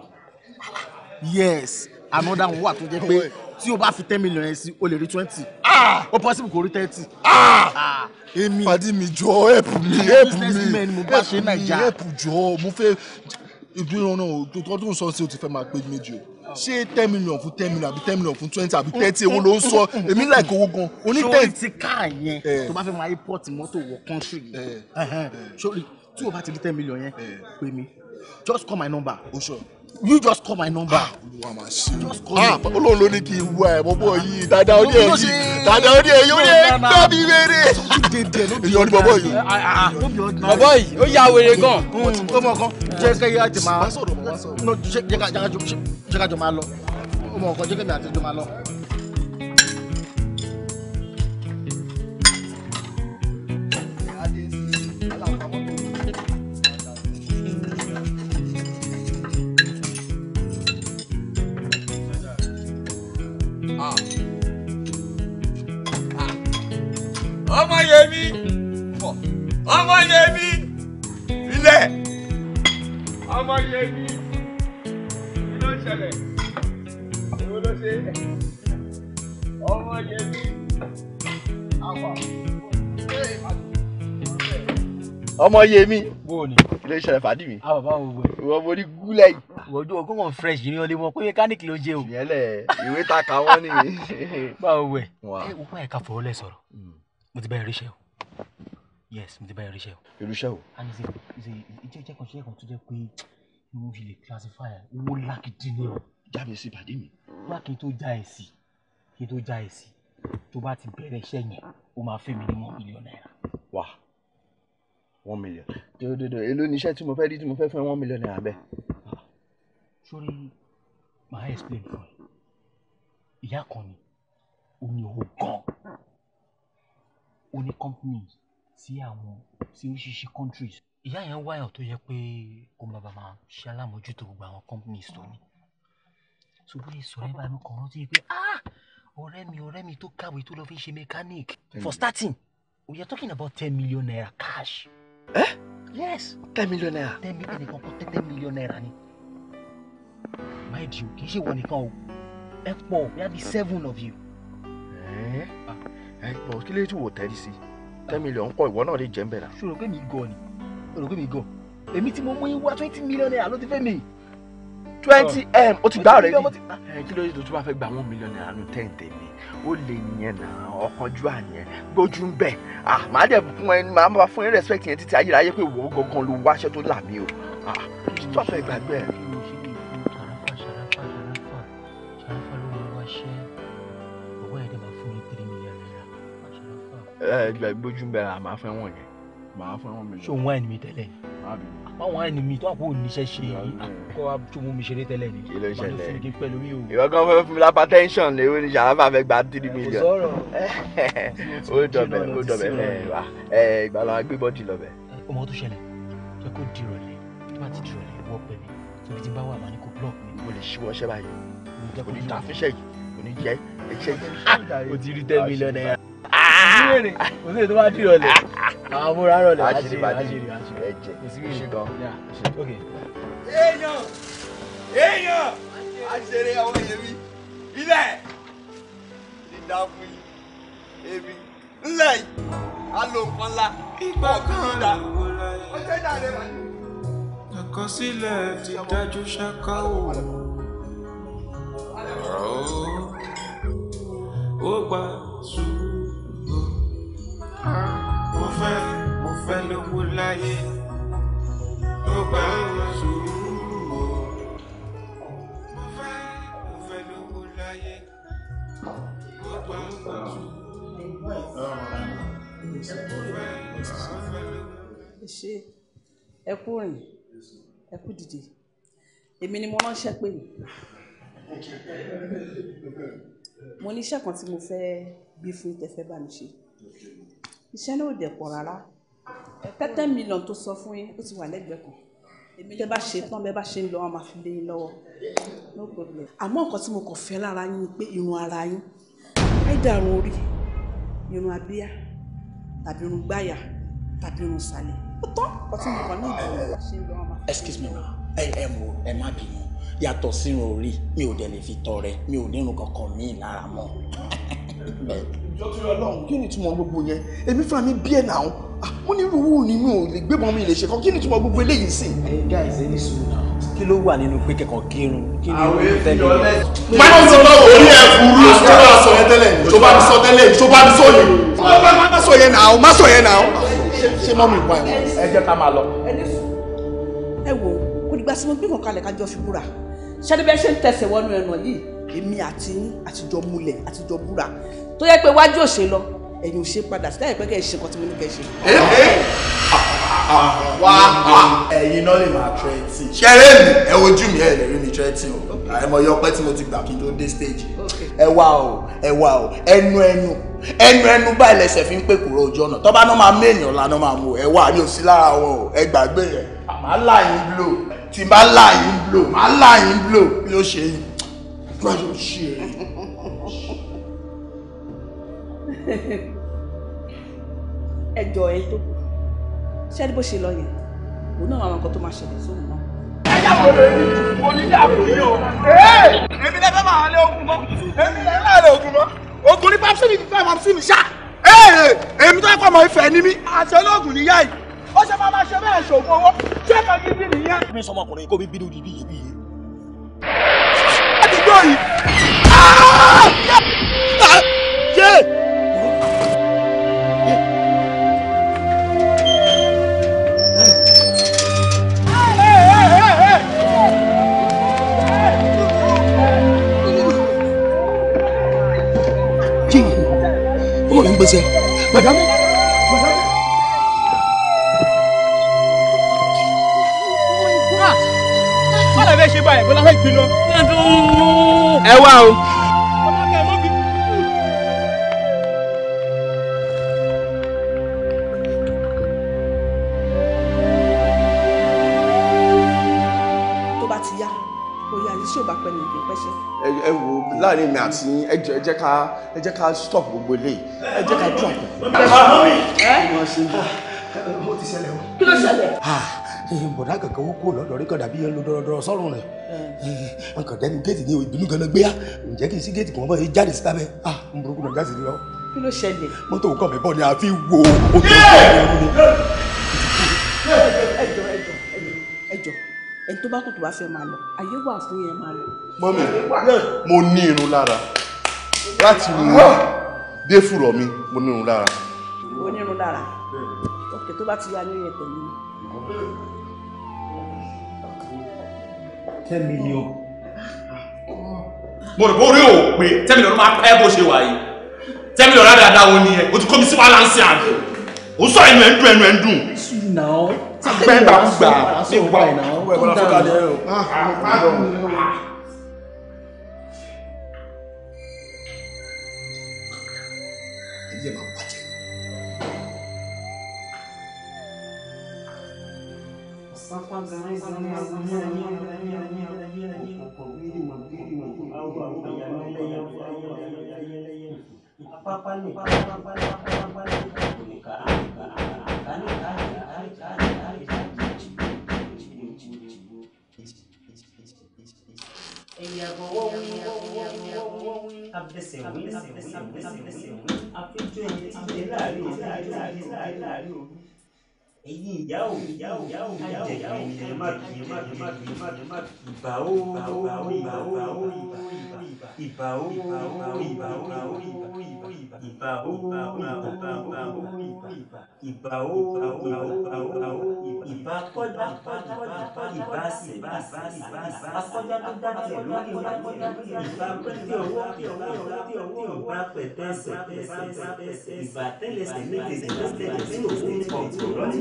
yes another one wà tó jẹ pé tí o bá fi ten million yẹn sí o lè rí twenty o ah! possible kò rí thirty. èmi ah! ah. pàdé mi jọ help mi help mi help mi help jọ mo fẹ́ ìdúró náà ọdún sọ sí o ti fẹ́ máa pé méjì o ṣé ten million fún ten million àbí ten million fún twenty àbí thirty èwo ló ń sọ èmi láìka owó gan oní ten. sórí ti káà yẹn tó bá fẹ́ máa import mọ́tò wọ kọ́ńtírì yìí sórí tí o bá ti rí ten million yẹn pè mí just call my number. o oh, sure you just call my number. Ah, olùwà máa ṣe é olóhùn ah, ló ní kí n wá ẹ bọ́bọ́ yìí dáadáa ó ní ẹ̀ yìí dáadáa ó ní ẹ̀ yìí ó ní ẹ̀ gbọ́ mi wéré. èyàn ni bọ́bọ́ yìí. bọ́bọ́ yìí ó ya wèrè gan. tó mọ̀ kan jẹ́ kẹ́ yá jẹ̀ máa jẹ́ ká jọ máa lọ. ó mọ̀ kan jẹ́ kẹ́ mi àti jọ máa lọ. Ọmọyẹmí Ọmọyẹmí ilẹ̀ Ọmọyẹmí kí ló ṣẹlẹ̀ èwo ló ṣe Ọmọyẹmí àwà Ọmọyẹmí kí ló ṣẹlẹ̀ fàdí mi ìwọ mo ní gúlẹ̀ yìí ojú ogun wọn fresh yìí ni olè wọn pé mechanic ló jẹ o. ìyẹn lẹ ìwé ta ka wọn ni. báwo wẹ ẹ wọ́n ẹ̀ka fọwọ́ lẹ sọ̀rọ̀ hmm mo ti bá ẹ o yes mo ti bá ẹ ríṣẹ́ o. irúṣẹ́ o. and ṣe ṣe ìjẹ́ ìjẹ́ kan ṣe kan tó jẹ́ pé mo fi lè classify owó lákìtì ni o. já mi sí pàdé mi. wá kí tó já ẹ sí kí n tó já ẹ sí tó bá ti bẹ̀rẹ̀ iṣẹ́ yẹn o máa fẹ́ mi ní one million naira. wà one million. dododo èló ni iṣẹ́ tí mo fẹ́ rí tí mo fẹ́ fún ẹ one million naira bẹ́ẹ̀. Ah. sórí màá explain fún ẹ ìyá kan ni ó ní owó gan ó ní companies sí àwọn sí oríṣiríṣi countries ìyá yẹn wáyà tó yẹ pé kó má bàa máa ṣe alámòjútó gbogbo àwọn companies tó ní so bó ṣe sọ̀rọ̀ ẹ bá mi kàn rántí pé ah ọ̀rẹ́ mi ọ̀rẹ́ mi tó kàwé tó lọ fi ṣe mechanic for starting we are talking about ten million naira cash. ẹ eh? yes ten million naira. ten million nìkan kọ́ ten million naira ni mind you kì í ṣe wọ nìkan o ẹ pọ̀ we have seven of you. Eh? Ah ẹ bọ̀ kí lè tí wò tẹ́rí sí ten million pọ̀ ìwọ náà lè jẹ́ ń bẹ̀rẹ̀. ṣòro pé mi gọ̀ ni ṣòro pé mi gọ̀ èmi tí mo mú wá twenty million naira ló ti fẹ́ mi. twenty m o ti gbá rẹ ni. kí ló dé tó tún bá fẹ́ gba one million naira nù ten tèmi ó lè yẹn náà ọkànjú àyẹn gbójú ń bẹ̀ màá dẹ̀ fún ẹ màá máa fún ẹ respect yẹn títí ayérayé pé ìwọ gangan ló wáṣẹ́ tó là mí o stop ẹ gbàgbé ẹ. ẹ gba ìgbójú ń bẹ̀rẹ̀ àmà fẹ́ wọ̀n yẹn màá fẹ́ wọ̀n mi lọ. ṣé òun ẹni mi tẹ́lẹ̀ ni àpáwọn ẹni mi tó àpò oníṣẹ́ ṣe kó wa tó mú mi ṣeré tẹ́lẹ̀ ni kí ló ṣẹlẹ̀ ìwọ kan fẹ́ fún mi lápá tẹ́ńsọ̀n lé ní sàlámà fẹ́ gba three million ó dọ̀bẹ̀ ó dọ̀bẹ̀ ẹ wa ẹ ìgbàlọ́ agbébọ́dì lọ́bẹ̀. ọmọ tó ṣẹlẹ̀ jẹ́ kó di ìrọ̀lẹ́ tó bá ti di ìrọ̀lẹ́ wọ́ pẹ̀ mí ibi tí bá wà máa ní mi. mo lè ṣíwọ́ ṣẹ́ báyìí kò ní ta fíṣẹ́ yìí kò ní jẹ́ ẹṣẹ́ yìí ó ti rí ten million naira wèrè kò sí èyí tó bá dì rọlẹ̀ àwọn amúra rọlẹ̀ àṣírí àṣírí àṣírí ẹ̀jẹ̀ kò sí wèrè ok. èèyàn èèyàn àṣẹrẹ àwọn èmi ilẹ̀ dídá fún yìí èmi ńlẹ̀ yìí a lò nǹkan ńlá pọ̀ kí ló dá ọjọ́ ìdá rẹ̀ wá. àkọsílẹ̀ ti dájú ṣáká wò ó gbà sùn mo fẹ́ mo fẹ́ lówó láyé tó bá ń sùúrù o mo fẹ́ mo fẹ́ lówó láyé tó bá sùúrù o ṣe ẹ kú rìn ẹ kú dìde èmi ni mo ránṣẹ́ pé mi mo ní iṣẹ́ kan tí mo fẹ́ bí fún tẹ́fẹ́ bá mi ṣe iṣẹ́ náà ò dẹ̀ pọ̀ rárá tẹ́tẹ́ mílíọ̀nù tó sọ fún yín ó ti wà lẹ́gbẹ̀ẹ́ kan tẹ́ bá ṣe tán bẹ́ẹ̀ bá ṣe ń lọ wọn máa fi lé yín lọ́wọ́ no problem àmọ́ nǹkan tí mo kàn fẹ́ lára yín ni pé irun ara yín ẹ dàrún orí irun abíyá tàbí irun gbáyà tàbí irun sàlẹ̀ ó tán nǹkan tí mo kàn ní ìdílé ṣe ń lọ wọn máa fi lé yín lọ́wọ́. excuse me ma ẹ ẹ mo ẹ má bínú yàtọ̀ sírun orí mi ò dẹ̀ lè fi tọrẹ mi ò nírun kankan míì lára mọ́ jọ́tún ọlọ́run kí ni túmọ̀ gbogbo yẹn èmi fúnra mi bí ẹ̀ náà ah, mo ní rúwú ni mi ò lè gbébọn mi lè ṣe kan kí ni túmọ̀ gbogbo eléyìí sí. ẹ guys ẹ ní sùn náà kí ló wà nínú pé kẹkọọ kírun kí ni ó tẹ mi. máyọ̀ sọ náà orí ẹ burú tó bá sọ yẹn tẹ́lẹ̀ tó bá mi sọ tẹ́lẹ̀ tó bá mi sọ yìí. má sọ yẹn náà má sọ yẹn náà ṣé mọ́ mi wá ẹ̀. ẹ jẹ́ ká máa lọ. ẹ wo kò dìgbà sí mo gbé kàn kalẹ̀ kájọ fi búra ṣẹ́ni bẹ́ẹ̀ ṣe ń tẹ̀sẹ̀ wọnú ẹ̀nà yìí èmi àti àtijọ́ múlẹ̀ àtijọ́ búra tó yẹ pé wájú òṣè lọ ẹ̀yìn òṣè padà sílẹ̀ pé kẹ́ ẹ ṣe nǹkan tí mo ní kẹ́ ẹ ṣe. Eh, eh. wá ẹ̀yin náà lè máa tírẹ́tì. ṣẹ́rẹ́ mi ẹ wojú mi ẹ lè rí mi tírẹ́tì o àìmọye ọpẹ́ tí mo ti gbà kí n tó dé stage ẹ wá o ẹ wá o ẹnu ẹnu ẹnu ẹnu báyìí lẹsẹ̀ fi ń pè kúrò ojú ọ̀nà tọ́ba náà máa méèyàn lánà máa mú ẹ wá ní òsì lára wọn o ẹ gbàgbé yẹn màá láàyè blow tí màá láàyè blow màá láàyè blow kí ló ṣe yìí. ẹjọ ẹ tó kù ṣé ẹni bó ṣe lọ yẹn òun náà àwọn nǹkan tó máa ṣẹlẹ̀ sóhun náà. ẹ̀yà wo lè ní onídàbò yìí o. èmi lẹ́fẹ̀ẹ́ máa lé ogun mọ́ èmi lẹ́fẹ̀ẹ́ máa lé ogun mọ́ ogun ní pápsí mi fẹ́ máa sí mi ṣá. èmi tó yẹ kó ọmọ ìfẹ́ ni mí àṣẹ olóògùn níyà yìí ó ṣe máa máa ṣe bẹ́ẹ̀ ṣògùn owó ṣé kò ní bí nìyẹn. mi sọ ọmọkùnrin kó mi bínú di bí yìí. àdúgbò yìí. Ah! wọ̀ ní gbèsè màdámù. ẹ wá o. tó bá ti yá bóyá yìí ṣòbá pẹ̀lú ìgbín pẹ́ṣẹ́. ẹ wo láàrin mi àti yín ẹ jẹ́ ká ẹ jẹ́ ká stop gbogbo eléyìí ẹ jẹ́ ká drop. mo ti ṣẹlẹ̀ o. kí ló ṣẹlẹ̀. bọ̀dá kankan ó kó lọ́dọ̀ rí kan dàbí ẹ lọ dọ̀rọ̀dọ̀rọ̀ sọ́run rẹ̀ nǹkan dẹ́nu géètì ní ìbínú kan gbé yá ǹjẹ́ kí n sí géètì kan mọ́ jáde síta bẹ́ẹ̀ ah n burúkú náà jáde lọ. kí ló ṣẹlẹ̀. mọ́tò kọ̀ mi bọ́ ni àfi wo ojú ọ̀gá ẹ̀rọ ni. ẹ tó bá kù tó bá fẹ́ máa lọ ayé wà fún yẹn máa lọ. mọ́mí mo ní irun lára láti wọ dé fùrọ̀ mi mo ní irun lára. mo ní irun lára òkè tó bá ti yá ní yẹn pẹ̀lú mi. ten million. mo rò pé orí ò pé ten million máa pẹ́ bó ṣe wà yìí ten million rádàá dáwọ́ nìyẹn o ti kó mi sí wàhálà ń sìn àjò o sọ ẹnu ẹ̀ ń dùn ẹnu ẹ̀ ń dùn gbẹ́gbà ń gbà ní ìwà ọ̀nà ẹ̀kọ́lá fún kàdé ẹ̀rọ. ẹ̀jẹ̀ máa bàjẹ́. Apa-apa nih, apa-apa, apa-apa, apa-apa, apa-apa, abẹsẹ̀wé abẹsẹ̀wé abẹsẹ̀wé àfijọ́ ẹni tí jẹ́ láàrin òbí láàrin òbí láàrin òbí. ibao, yo,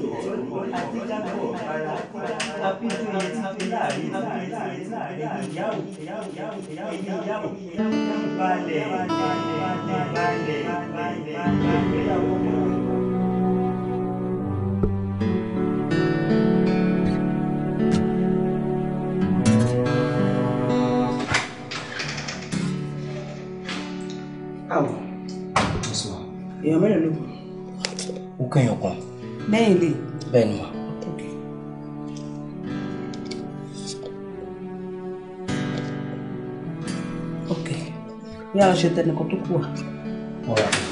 Vale, vale, vale, vale, vale, èèyàn mẹ́rin ló kù. ó kẹ́yìn bẹ́ẹ̀ lè. bẹ́ẹ̀ ni mà. ok bí a ṣe tẹnìkan tó kù wá. ọ̀rọ̀ àti.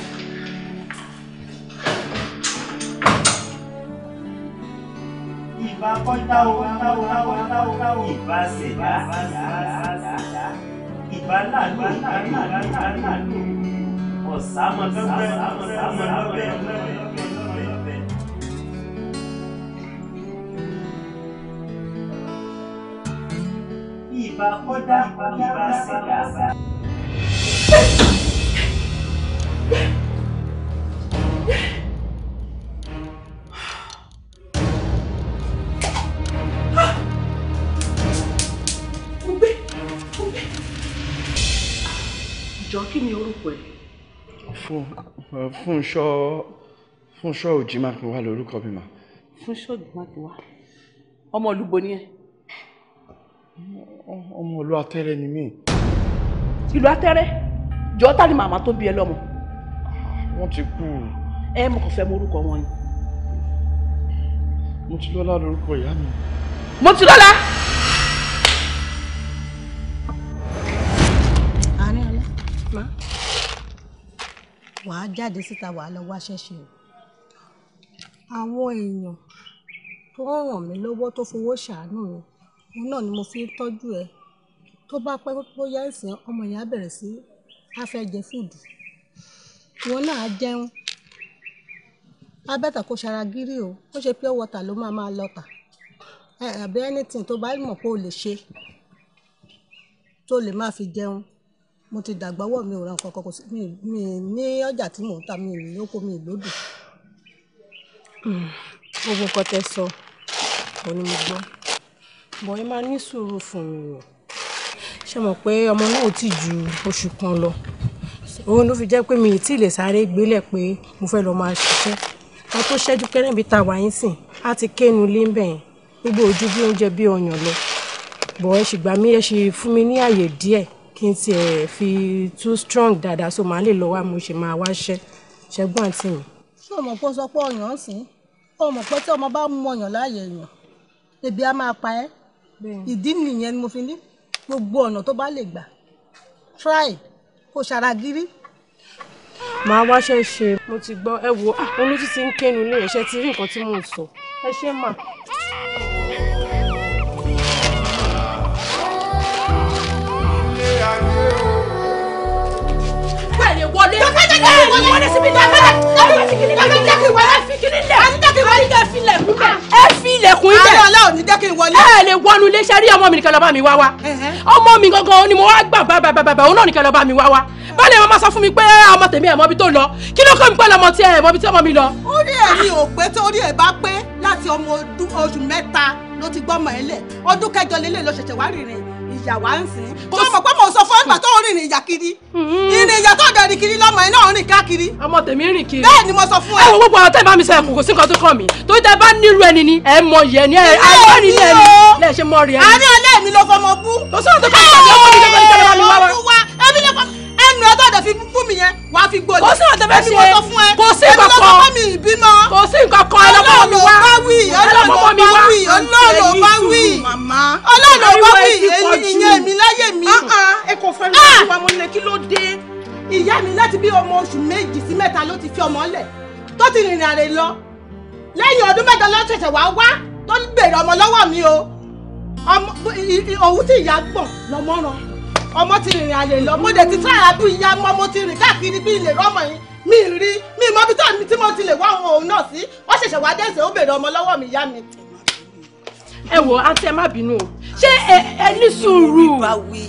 ìbá kọjá o ká o ká o ká o ká o. ìbá ṣèbá ìbá làlú ìbá làlú ọ̀sà mọ̀ pẹ́pẹ́ ọ̀sà mọ̀ pẹ́pẹ́. ìbá kọ́dá ìbá ṣẹ̀dá. jọ kí ni orúkọ ẹ. fún Fúnṣọ́ Fúnṣọ́ Òjìmákinwá lórúkọ mi mà. Fúnṣọ́ Òjìmákinwá ọmọ olúbo ni ẹ ọmọ ìlú atẹ́rẹ́ ni mí. ìlú atẹ́rẹ́ jọ ta ni màmá tó bí ẹ lọ́mọ. wọ́n ti kú. ẹ mọ̀ kàn fẹ́ mọ orúkọ wọn ni. mo ti lọ́lá lórúkọ ìyá mi. mo ti lọ́lá. àárín ọlá má wàá jáde síta wàá lọ wá ṣẹ́ṣe o àwọn èèyàn tó ràn mí lọ́wọ́ tó fowó ṣàánú mi òun náà ni mo fi ń tọ́jú ẹ̀ tó bá pẹ́ bóyá ìsìn ọmọ yẹn á bẹ̀rẹ̀ sí á fẹ́ jẹ fúdù ìwọ náà á jẹun á bẹ̀tà kó ṣara gírí o ó ṣe pure water ló máa máa lọ tà àbí anything tó bá mọ̀ pé o lè ṣe tó lè má fi jẹun mo ti dàgbà wọ̀ mi ò ra nǹkan kan mi mi ní ọjà tí mò ń ta mi ò ní oko mi ò lódò. Hmm. gbogbo sọ òun ni mo gbọ́. But ẹ máa ní sùúrù fún mi o. Ṣé mọ̀ pé ọmọ náà ò tí ju oṣù kan lọ? Òun ló fi jẹ́ pé mi ò tí lè sáré gbélẹ̀ pé mo fẹ́ lọ máa ṣiṣẹ́. Ká tó ṣẹ́jú pẹ́rẹ́ bí ta wà yín sìn, a ti kénu ilé ń bẹ̀ yẹn. Gbogbo ojú bí oúnjẹ bí ọyàn lọ. But ẹ ṣì gbà mí, ẹ ṣì fún mi ní ààyè díẹ̀ kí n ti ẹ̀ fi too strong dáadáa so màá lè lọ wá mo ṣe máa wá ṣẹ́. Ṣẹ́gbọ́n àǹtí mi. Ṣé o mọ̀ pé ó sọ pé ọyàn ń sìn? O mọ̀ pé tí ọmọ bá mú ọyàn láàyè èèyàn, ebi a máa pa ẹ́ ìdí nìyẹn ni mo fi ní gbogbo ọ̀nà tó bá lè gbà try kó ṣara gírí. màá wáṣẹ́ ṣe mo ti gbọ́ ẹ wo ah, olójú ti ń kẹnu ilé ẹ̀ṣẹ̀ ti rí nǹkan tí mò ń sọ ẹ ṣe mà. bẹ́ẹ̀ ni wọlé ẹ fi ilẹ̀kùn ilẹ̀ ẹ lè wọnú ilé ṣe rí ọmọ mi nìkan lọ́ba mi wá wá ọmọ mi gangan ni mo wá gbà bàbàbàbà òun náà nìkan lọ́ba mi wá wá báyìí wọn máa sọ fún mi pé ọmọ tèmi ẹ̀ mọ́bi tó lọ kí ló kọ́ mi pẹ́ lọ́mọ tí ẹ̀ mọ́bi tí ọmọ mi lọ. orí ẹ̀ ni ò pé torí ẹ̀ bá pé láti ọmọ oṣù mẹ́ta ló ti gbọ́mọ ẹ̀ lẹ̀ ọdún kẹjọ lélẹ̀ ló ṣẹ̀ṣẹ̀ wá rìnrìn ìyà wá ń sìn. tó mọ̀ pé mo sọ fún ẹgbà tó rìnrìn ìyà kiri. ìrìn ìyà tó dẹ̀rìn kiri lọ́mọ iná òrìn káàkiri. ọmọ tèmi rìn kiri. bẹ́ẹ̀ ni mo sọ fún ẹ. ẹ wo gbogbo ọ̀rọ̀ tẹ́ bá mi sẹ́yìn kò sí nǹkan tó kàn mí tó tẹ́ bá nílùú ẹni ni ẹ mọ yẹ ni ẹ mọ ni lẹ́ẹ̀ni lẹ́ẹ̀ ṣe mọ rí ẹni. àárín ọlẹ́ẹ̀ni ló fọmọ bú. kò sóhun tó kọ́ ẹnu ẹ tọ́jọ́ fi bú mi yẹn wà á fi gbọ́dọ̀ kò sí ọ̀tẹ̀ bẹ́ẹ̀ ṣe kò sí nǹkan kan kò sí nǹkan kan ọlọ́mọ mi wá ọlọ́mọ mi wá ọlọ́mọ bá wí ọlọ́mọ bá wí èyí ìyẹn mi láyé mi. Ah, ah. ẹ kò fẹ́ mi láti wá mo lè kí ló dé. ìyá mi láti bí ọmọ oṣù méjì sí mẹ́ta ló ti fi ọmọ lẹ̀ tó ti rìnrìn àrè lọ lẹ́yìn ọdún mẹ́ta ló ṣẹ̀ṣẹ̀ wá wá tó ń béèrè ọmọ lọ́wọ́ mi o òun tí ìyá gbọ̀n lọ́mọ ràn ọmọ ti rìnrìn àlè lọ mo dẹ̀ ti try àdú ìyá mọ́ mo ti rìn káàkiri bí ilé rọ́mọ yìí mi rí mi mọ bí tí mo ti lè wá òun náà sí wọ́n ṣẹ̀ṣẹ̀ wá dẹ́sẹ̀ ó béèrè ọmọ lọ́wọ́ mi ìyá mi. ẹ wo àǹtí ẹ má bínú o ṣé ẹ ní sùúrù. ìbá wí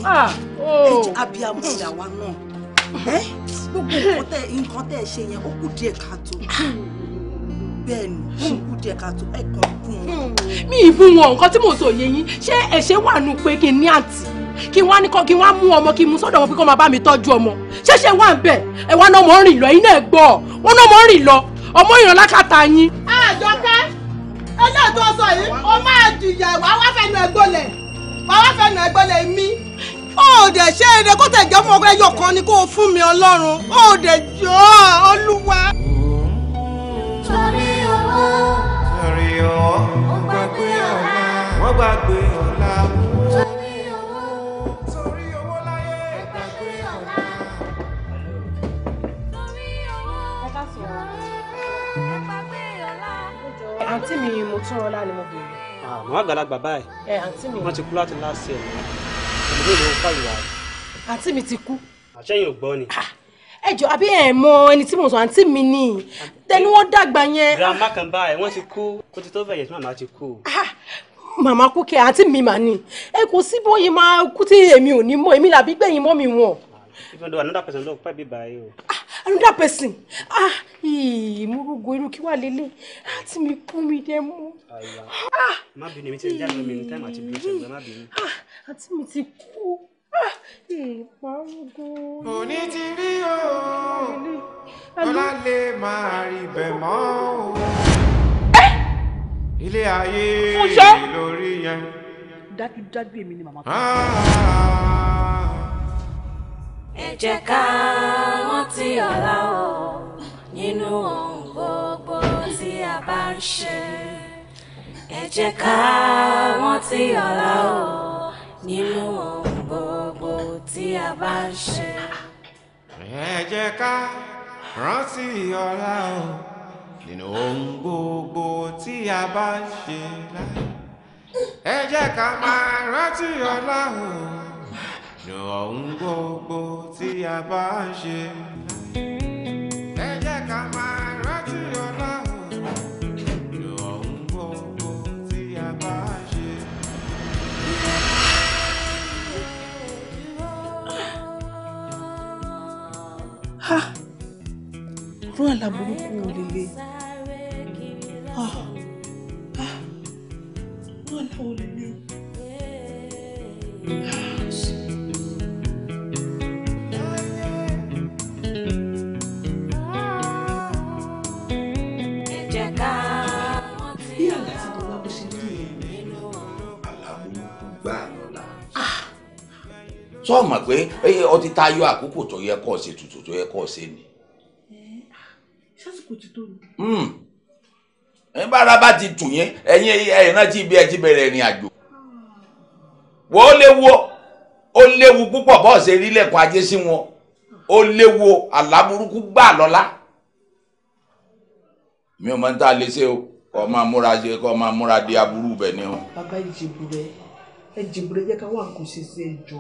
abiyamọ ah, oh. ìyàwó náà gbogbo nǹkan tẹ ẹ ṣe yẹn ó kù díẹ̀ káàtó bẹ́ẹ̀ ni ó kù díẹ̀ káàtó ẹ kàn bùn. Hmm. mi ì bùn wọn nǹkan tí mo sọ yẹ yín ṣé ẹ̀ṣẹ̀ wà nù pé kí n ní àǹtí kí wọ́n á ní kọ́ kí wọ́n mú ọmọ kí mú sọ́dọ̀ wọn pé kọ́ máa bá mi tọ́jú ọmọ ṣẹ̀ṣẹ̀ wà ń bẹ̀ ẹ wá náà mọ̀ ń rìn lọ iná ẹ̀ gbọ́ wọn náà mọ̀ ń rìn lọ ọmọ ìran lákàtà yín. Ah, àjọkẹ́ eléyìí tó sọ yìí ó máa jìyà wá wá fẹ́ nà ẹgbọ́lẹ̀ wá wá fẹ́ nà ẹgbọ́lẹ̀ mi. ó dẹ̀ ṣe é de kó tẹ̀ jẹ́ ọmọ ẹyọ kan ni kó o fún mi ọlọ́run ó dẹ̀ jọ́ ọ olúwa. àwọn àgbàlagbà báyìí wọ́n ti kú láti láti ẹ̀ ìlú ìlú fàyèwà. àǹtí mi ti kú. àṣẹyìn ò gbọ́ ni. Ah, ẹ jọ àbí ẹ mọ ẹni tí mo sọ àǹtí mi ni tẹni wọn dàgbà yẹn. grandma kan báyìí wọ́n ti kú kó ti tó bẹ̀yẹ̀ tí màmá ti kú ah, màmá kú kẹ àǹtí mi mà ní ẹ kò sí bóyá máa kú tí èmi ò ní mọ èmi làbí gbẹ̀yìn mọ́ mi wọn even though another person don't pẹ́ bí báyìí o. another person ah ìmúrúgo irú kí wà lélẹ̀ àti mi kú mi dẹ́ mú. Ah, má bínú mi ti ń jáde mi ní táìmù àti bíi ṣẹ̀gbọ́n má bínú. Ah, àti mi ti kú ìparúgo. Ah, òní ti rí o ọlá lè máa rí bẹ̀ mọ́ o. Eh? ilé ayé lórí yẹn. dájúdájú èmi ni màmá tó ẹ jẹ́ ká rántí ọ̀la o nínú ohun gbogbo tí a bá ń ṣe ẹ jẹ́ ká rántí ọ̀la o nínú ohun gbogbo tí a bá ń ṣe. ẹ ká rántí ọ̀la o nínú ohun gbogbo tí a bá ń ṣe láì ká máa rántí ọ̀la o dùn ọ̀hún gbogbo tí a bá ń ṣe. ẹ jẹ́ ká máa rántí ọlá. dùn gbogbo tí a bá ń ṣe. ha irú àlá burúkú wo lélẹ̀ irú àlá sọ mọ̀ pé ọ ti tayọ àkókò tó yẹ kó ṣe tutù tó yẹ kó ṣe ni. sásìkò hmm. bára bá ti tù yín ẹ̀yin ẹ̀yin náà ti bí ẹ ti bẹ̀rẹ̀ ìrìn àjò. wọ́n léwu ó léwu púpọ̀ bọ́ọ̀sì erílẹ̀kùn ajé sí wọn ó léwu aláburúkú gbà lọ́la mi ò mọ tá lè ṣe o kọ máa múra ṣe kọ máa múra di aburú bẹ ni o. bàbá ìjìbù rẹ ẹ jìbù rẹ jẹ ká wà kó ṣe sí ẹjọ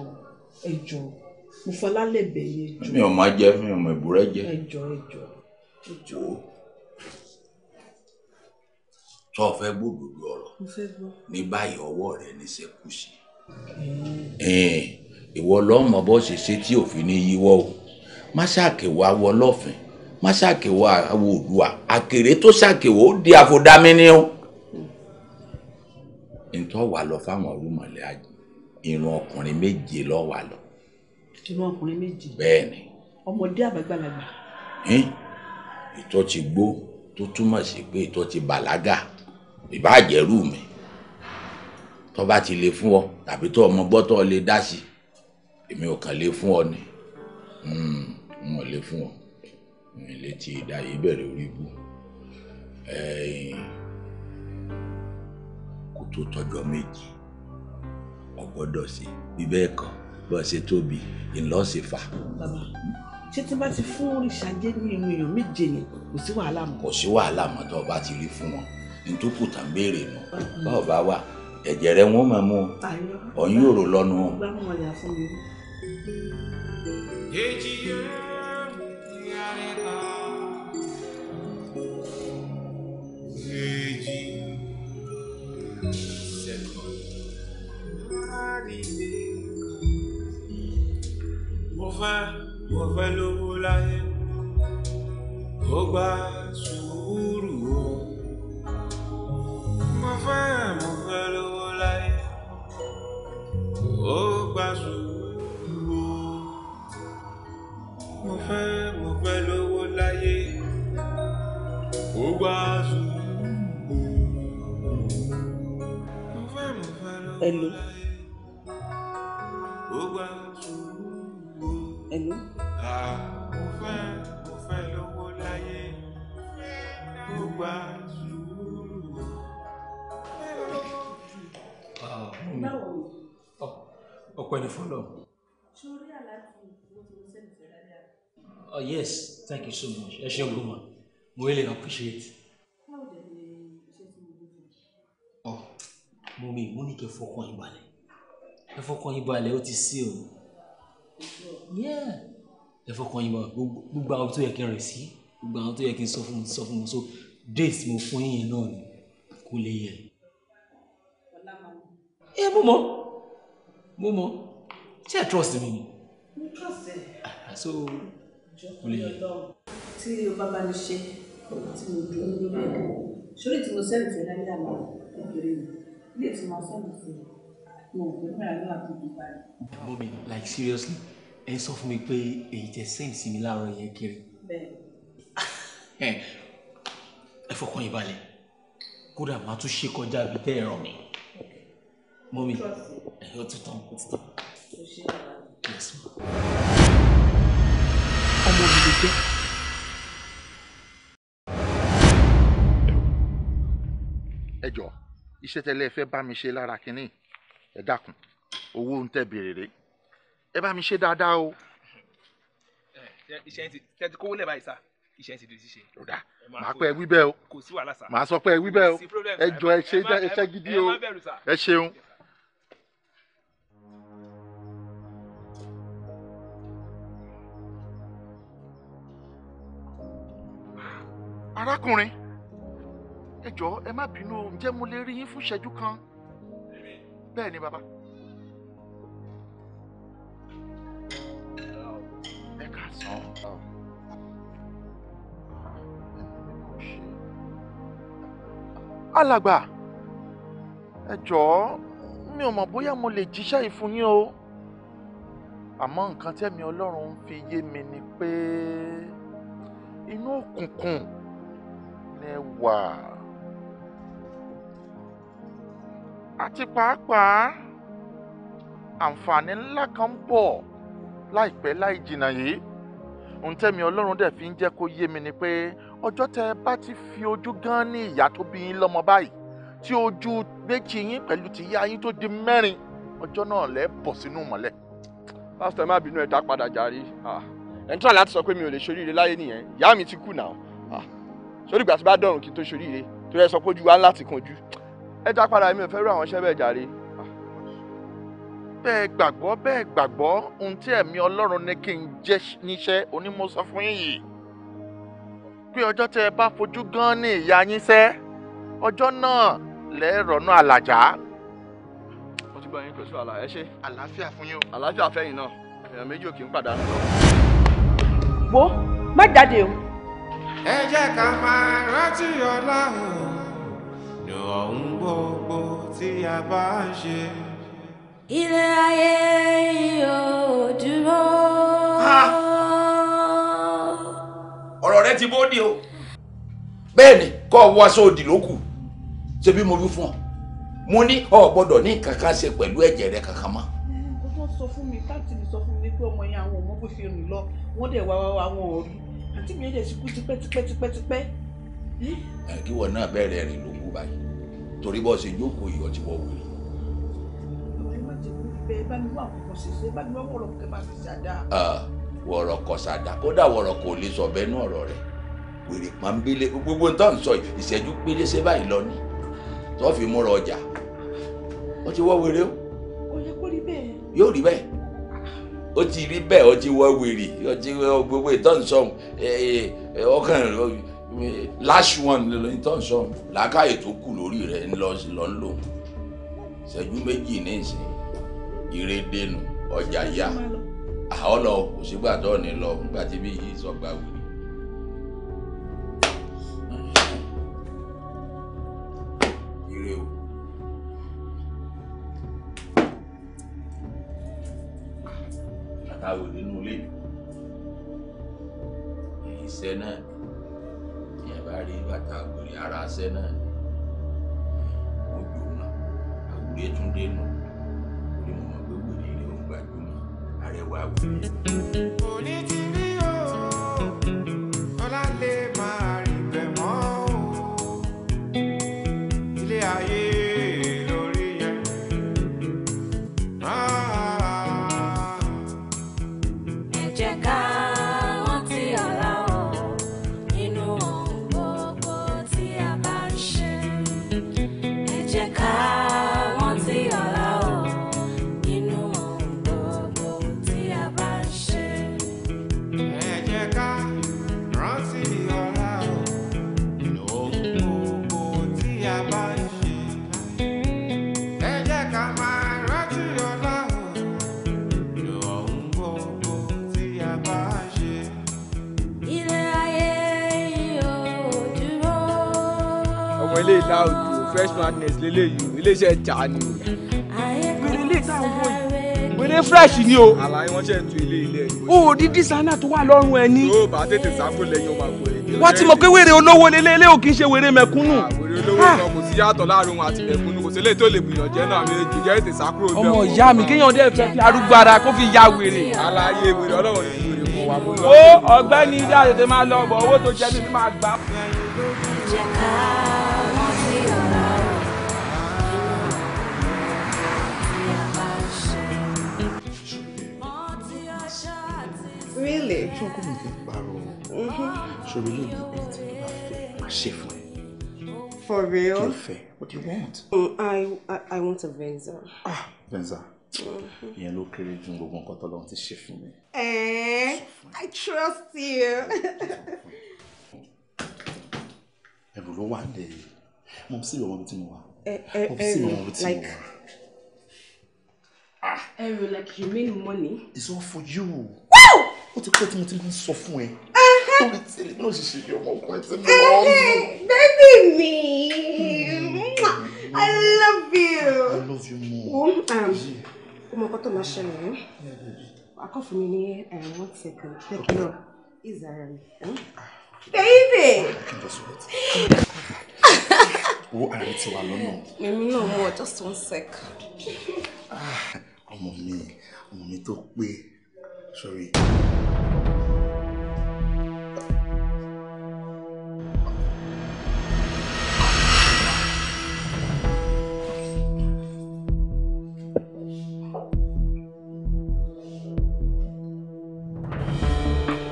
ẹ jọ mo fọlá lẹbẹ yẹn jọ. mi ò máa jẹ mi ò mọ ìbúrẹ jẹ. ẹ jọ ẹ jọ ẹ jọ. tó o fẹ́ gbódòdó ọ̀rọ̀ ní báyìí ọwọ́ rẹ ní sẹ́kù sí. ìwọ lọ́mọ bó ṣe ṣe tí òfin ní yíwọ́ o má ṣàkèwọ́ awọ lọ́fìn má ṣàkèwọ́ awọ òdùà àkèrè tó ṣàkèwọ́ ó di àfọdámíní o. ntọ́ hmm. wà lọ fáwọn ọ̀rùmọ̀lẹ́ àjẹ́ irun ọkùnrin méje lọ́wà lọ. irun ọkùnrin méje. bẹ́ẹ̀ni. ọmọdé àbágbàlagbà. ìtọ́ ti gbó tó túmọ̀ sí pé ìtọ́ ti bàlágà ìbàjẹ́rù mi tó bá ti lè fún ọ tàbí tó ọmọ gbọ́ tó ọ lè dá sí èmi ò kàn lè fún ọ ni hmm, n ò lè fún ọ mi lè ti bẹ̀rẹ̀ orí bú kó tó tọjọ́ méjì gbọ́dọ̀ sí bí bẹ́ẹ̀ kọ́ bọ́ ṣe tóbi ìlọ́sì fà. bàbá ṣé tí bá ti fún òrìṣà jẹ́ ní irun èèyàn méje ni kò sí wàhálà mọ́. kò sí wàhálà mọ́ tó o bá ti rí fún wọn nítòkù tá ń béèrè nù báwo bá wà ẹ̀jẹ̀ rẹ wọ́n máa mú ọ̀yún òrò lọ́nu. gbàmọ̀ ọ̀yà fún mi. èjì Oh, yes, thank you so much. Ẹ ṣé Olúmọ, mo really appreciate. How did you Oh, mommy, mi, mo ní kẹ́ fọkàn yín balẹ̀. What is yín balẹ̀, Yeah. Ẹ fọkàn yín balẹ̀, gbogbo àwọn tó yẹ kí n rìn sí, gbogbo àwọn tó So, this, mo fún yín yẹn náà ni Yeah, lè yẹ. Ẹ mo mọ̀, trust mi ni? Mo trust ẹ. So jọ kí tí o bá bá mi ṣe tí mo dùn ún lórí ẹ̀ ṣọlẹ̀ tí mo sẹ́yìn fẹ́ láyé àná kékeré mi ilé tí mo sẹ́yìn fẹ́ mo ò fẹ́ mẹ́ra náà tó dùn báyìí. mọ́mi like seriously ẹ sọ fún mi pé èyí tẹ sẹ́yìn sí mi láàárọ̀ yẹn kiri. bẹ́ẹ̀ ẹ fọkàn yín balẹ̀ kódà màá tún ṣe kọjá ibi tẹ́ ẹ ràn mí mọ́mi ẹ̀yọ́ tuntun tuntun. yes ma ọmọ òdòdó jẹ́. ẹ jọ iṣẹ́ tẹ́lẹ̀ fẹ́ bá mi ṣe lára kínní ẹ dákun owó ń tẹ̀ béèrè rè ẹ bá mi ṣe dáadáa o. iṣẹ́ ti tẹ́tí kówó lẹ̀ báyìí sá iṣẹ́ ti di ṣíṣe. ó dà màá pẹ́ wí bẹ́ẹ̀ o màá sọ pé ẹ wí bẹ́ẹ̀ o ẹ ẹ ṣe gidi o ẹ ṣeun. arákùnrin ẹ jọ̀ọ́ ẹ má bínú o ǹjẹ́ mo lè rí yín fún ìṣẹ́jú kan bẹ́ẹ̀ ni bàbá. ẹ kà sàn. alàgbà ẹ jọ̀ọ́ mi ò mọ̀ bóyá mo lè jíṣẹ́ yìí fún yín o àmọ́ nǹkan tẹ́mi ọlọ́run fi yé mi ni pé inú òkùnkùn. No, ẹwà àti pàápàá àǹfààní ńlá kan bọ̀ láìpẹ́ láì jìnnà yìí ohun ọlọ́run dẹ̀ fi ń jẹ́ kó yé mi ni pé ọjọ́ tẹ́ ẹ bá ti fi ojú gan ní ìyá tó bí yín lọ́mọ báyìí tí ojú méjì yín pẹ̀lú ti yá yín tó di mẹ́rin ọjọ́ náà lẹ́ bọ̀ sínú mọ́lẹ̀. pásítọ̀ ẹ má bínú ẹ dá padà jàre ẹ̀ ń tọ́ àlá ti sọ pé mi ò lè ṣoríire láyé nìyẹn ìyá mi ti kú sórí ìgbà tí bá dọ̀rùn kí n tó ṣoríire tó yẹ sọ pé ojú wa ńlá ti kanjú ẹ já padà mi ò fẹ́ rú àwọn iṣẹ́ bẹ́ẹ̀ jàre. bẹ́ẹ̀ gbàgbọ́ bẹ́ẹ̀ gbàgbọ́ ohun tí ẹ̀mí ọlọ́run ní kí n jẹ́ níṣẹ́ onímọ̀ sọ fún yìí pé ọjọ́ tẹ ẹ bá fojú gan ní ìyá yín sẹ́ ọjọ́ náà lẹ́ẹ̀rọ̀nù àlàjá. mo ti gbọ́ yín pẹ̀lú àlà ṣe. àlàáfíà fún yín o. àlàáfíà fẹ́yìn náà èèyàn méjì ò kì í pàdánù. wo má jáde o ẹ jẹ́ ká máa rántí ọlá òun ní ọ̀hún gbogbo tí a bá ń ṣe. ilé ayé yóò dúró. ọ̀rọ̀ rẹ ti bóde o. bẹ́ẹ̀ ni kọ́ ọ wọ aṣọ òdì ló kù ṣe bí mo wí fún ọ mo ní ọ gbọ́dọ̀ ní nǹkan ṣe pẹ̀lú ẹ̀jẹ̀ rẹ kankan mọ́. ó sọ fún mi káàtì mi sọ fún mi pé ọmọ yẹn àwọn ọmọ bó ṣe rìn lọ wọ́n dẹ̀ wá wá àwọn ọ̀rí àti mi lè sìnkú tipẹ́tipẹ́tipẹ́. àkíwọ náà bẹ̀rẹ̀ rìn ló ń kú báyìí torí bọ́ ṣe jókòó ìyọ̀ tí wọ́n wuli. wọ̀rọ̀ kọ̀ sàdá kódà wọ̀rọ̀ kò lè sọ bẹ́ẹ̀ ní ọ̀rọ̀ rẹ̀ wèrè pàmbélé gbogbo nǹkan sọ ìṣẹ́jú pélé ṣe báyìí lọ ni tó fi múra ọjà ó ti wọ́ wèrè o. kò yẹ kó rí bẹ́ẹ̀. yóò rí bẹ́ẹ̀ ó ti rí bẹ́ẹ̀ ó ti wọ́ wèrè ó ti wọ́ gbogbo ìtọ́nsọ́hún ọkàn last one ló làákàyè tó kù lórí rẹ̀ ń sí lọ́n lò ṣẹ́jú méjì ní ìsìn ìrèdènù ọjà yá àwọn lọ kò sígbà tó ní lọ nígbà tí bí yìí sọ gbàgbé. àwò nínú ilé mi iṣẹ́ náà ni ẹ bá rí bàtà àgbèrè ara iṣẹ́ náà ni mo jò mọ́ àwùrẹ tún dé nù orí mo mọ̀ pé wèrè rẹ ò ń gbàdúrà arẹwà wèrè. fresh madness lélẹ́yìí o iléeṣẹ́ jà ni o. wèrè ilé ìtàn wọ yìí wèrè fresh ni o. àlàyé wọn ṣe ń tu ilé ilé ẹ. o di dísáínà tó wà lọ́rùn ẹ ní. yóò bá tètè sáfù lẹ́yìn ọmọ àgbọ̀ ẹ̀. wọ́n ti mọ̀ pé wèrè olówó lélẹ́ ò kì í ṣe wèrè mẹ̀kúnnù. Ah, wèrè olówó ah! náà kò sí yàtọ̀ láàrin òun àti mẹ̀kúnnù kò sí eléyìí tó lè gbìyànjẹ́ náà mi èjì jẹ́ ètè sákúrò. really. ṣé ọkọ mi ti parọ́ ṣòro ilé mi bẹ́ẹ̀ tí ló bá fẹ́ máa ṣe fún ẹ. for real. kí o fẹ́ what do you want. Mm, I, I I want a venza. ah venza mm-hmm. ìyẹn ló kéré ju gbogbo nǹkan tọ́lọ́run ti ṣe fún mi. Eh? ẹ̀ẹ́ I trust you. ẹ̀rù ló wà dé mo sì yọ̀ wọ́n bí tí mo wà. Eh, eh, mo sì yọ̀ wọ́n bí tí mo wà. ẹ̀rù like you mean money. it's all for you ó ti pẹ́ tí mo ti ń sọ fún ẹ lórí tèlé náà sì ṣe ọmọ ọkùnrin tí mo lọ mú. bẹ́ẹ̀ni mi hmm. i love you. i love you more. Um, ọmọ ọkọ tó máa ṣẹlẹ̀ ẹ́ eh? akọ́fún mi ní eh, one second take it up izara mi. baby. owó ara mi ti wà lọ́nà. èmi náà wọ just one second. Ah, ọmọ mi ọmọ mi tó pé sorry.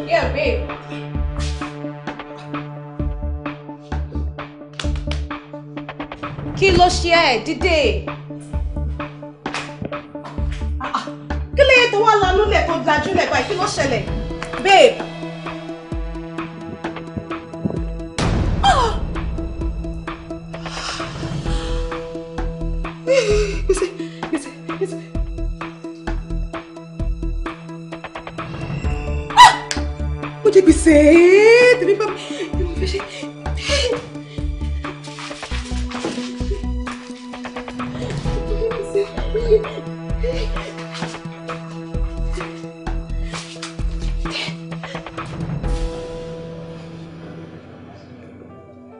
Yeah, babe. Kí ló ṣe ẹ́ dìde? tó wá lanúlẹ̀ tó lajúlẹ̀ báyìí kí ló ṣẹlẹ̀ babe. ó ah! ah! jẹ́ gbèsè tèmi bá mi.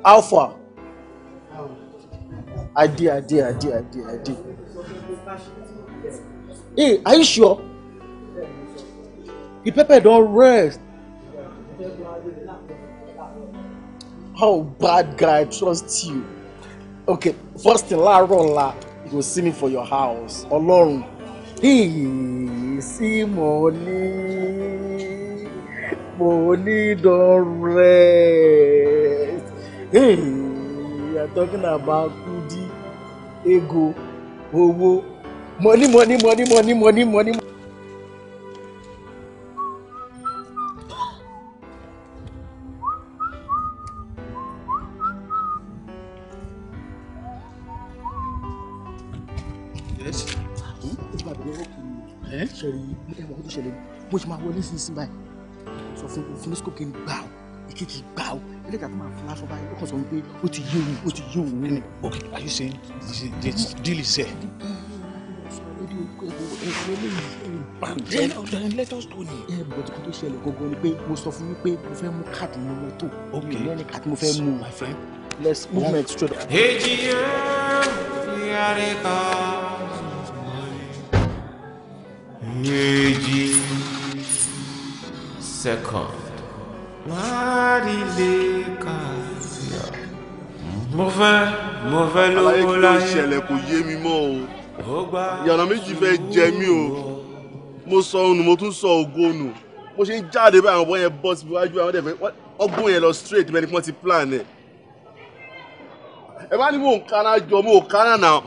How far? Adi, Adi, Adi, Adi, Adi. Hey, are you sure? The pepper don rest. How bad guy trust you? Okay, first thing, láàárọ̀ la, you go see me for your house. Ọlọ́run. Hey, see money. Money don rest. Hey, you are talking about Kudi, ego, owó, money, money, money, money, money, money. bó ṣe máa wọlé sí sí báyìí sọ fún fún ní scope kí n gbà ó ìkejì gbà ó ilé ìgbà tó máa fún lásán báyìí ó kàn sọ pé ó ti yé òun ó ti yé òun nínú. ok are you saying the deal is there. then then let us do it. ẹ bọ̀ tí kò tó ṣẹlẹ̀ gangan ni pé mo sọ fún yín pé mo fẹ́ mú káàdì mi lọ tó mi ò lẹ́ni káàdì mo fẹ́ my friend let's movement straight Hey, èjì yẹn yàrá Hey, èjì second máàrílé kàyà. mo fẹ́ mo fẹ́ lówó láyé. àlàyé kí ló ń ṣẹlẹ̀ kò yé mi mọ́ o yàrá méjì fẹ́ jẹ mí o mo sọ ònù mo tún sọ ògo nù mo ṣe ń jáde báyìí àwọn ọmọ yẹn bọ́ síbi wájú àwọn ẹ̀fẹ̀ ọgbọ́n yẹn lọ straight bẹ́ẹ̀ ni wọ́n ti plan ẹ̀ ẹ bá ní mò ń kánná jọ mò ń kánná náà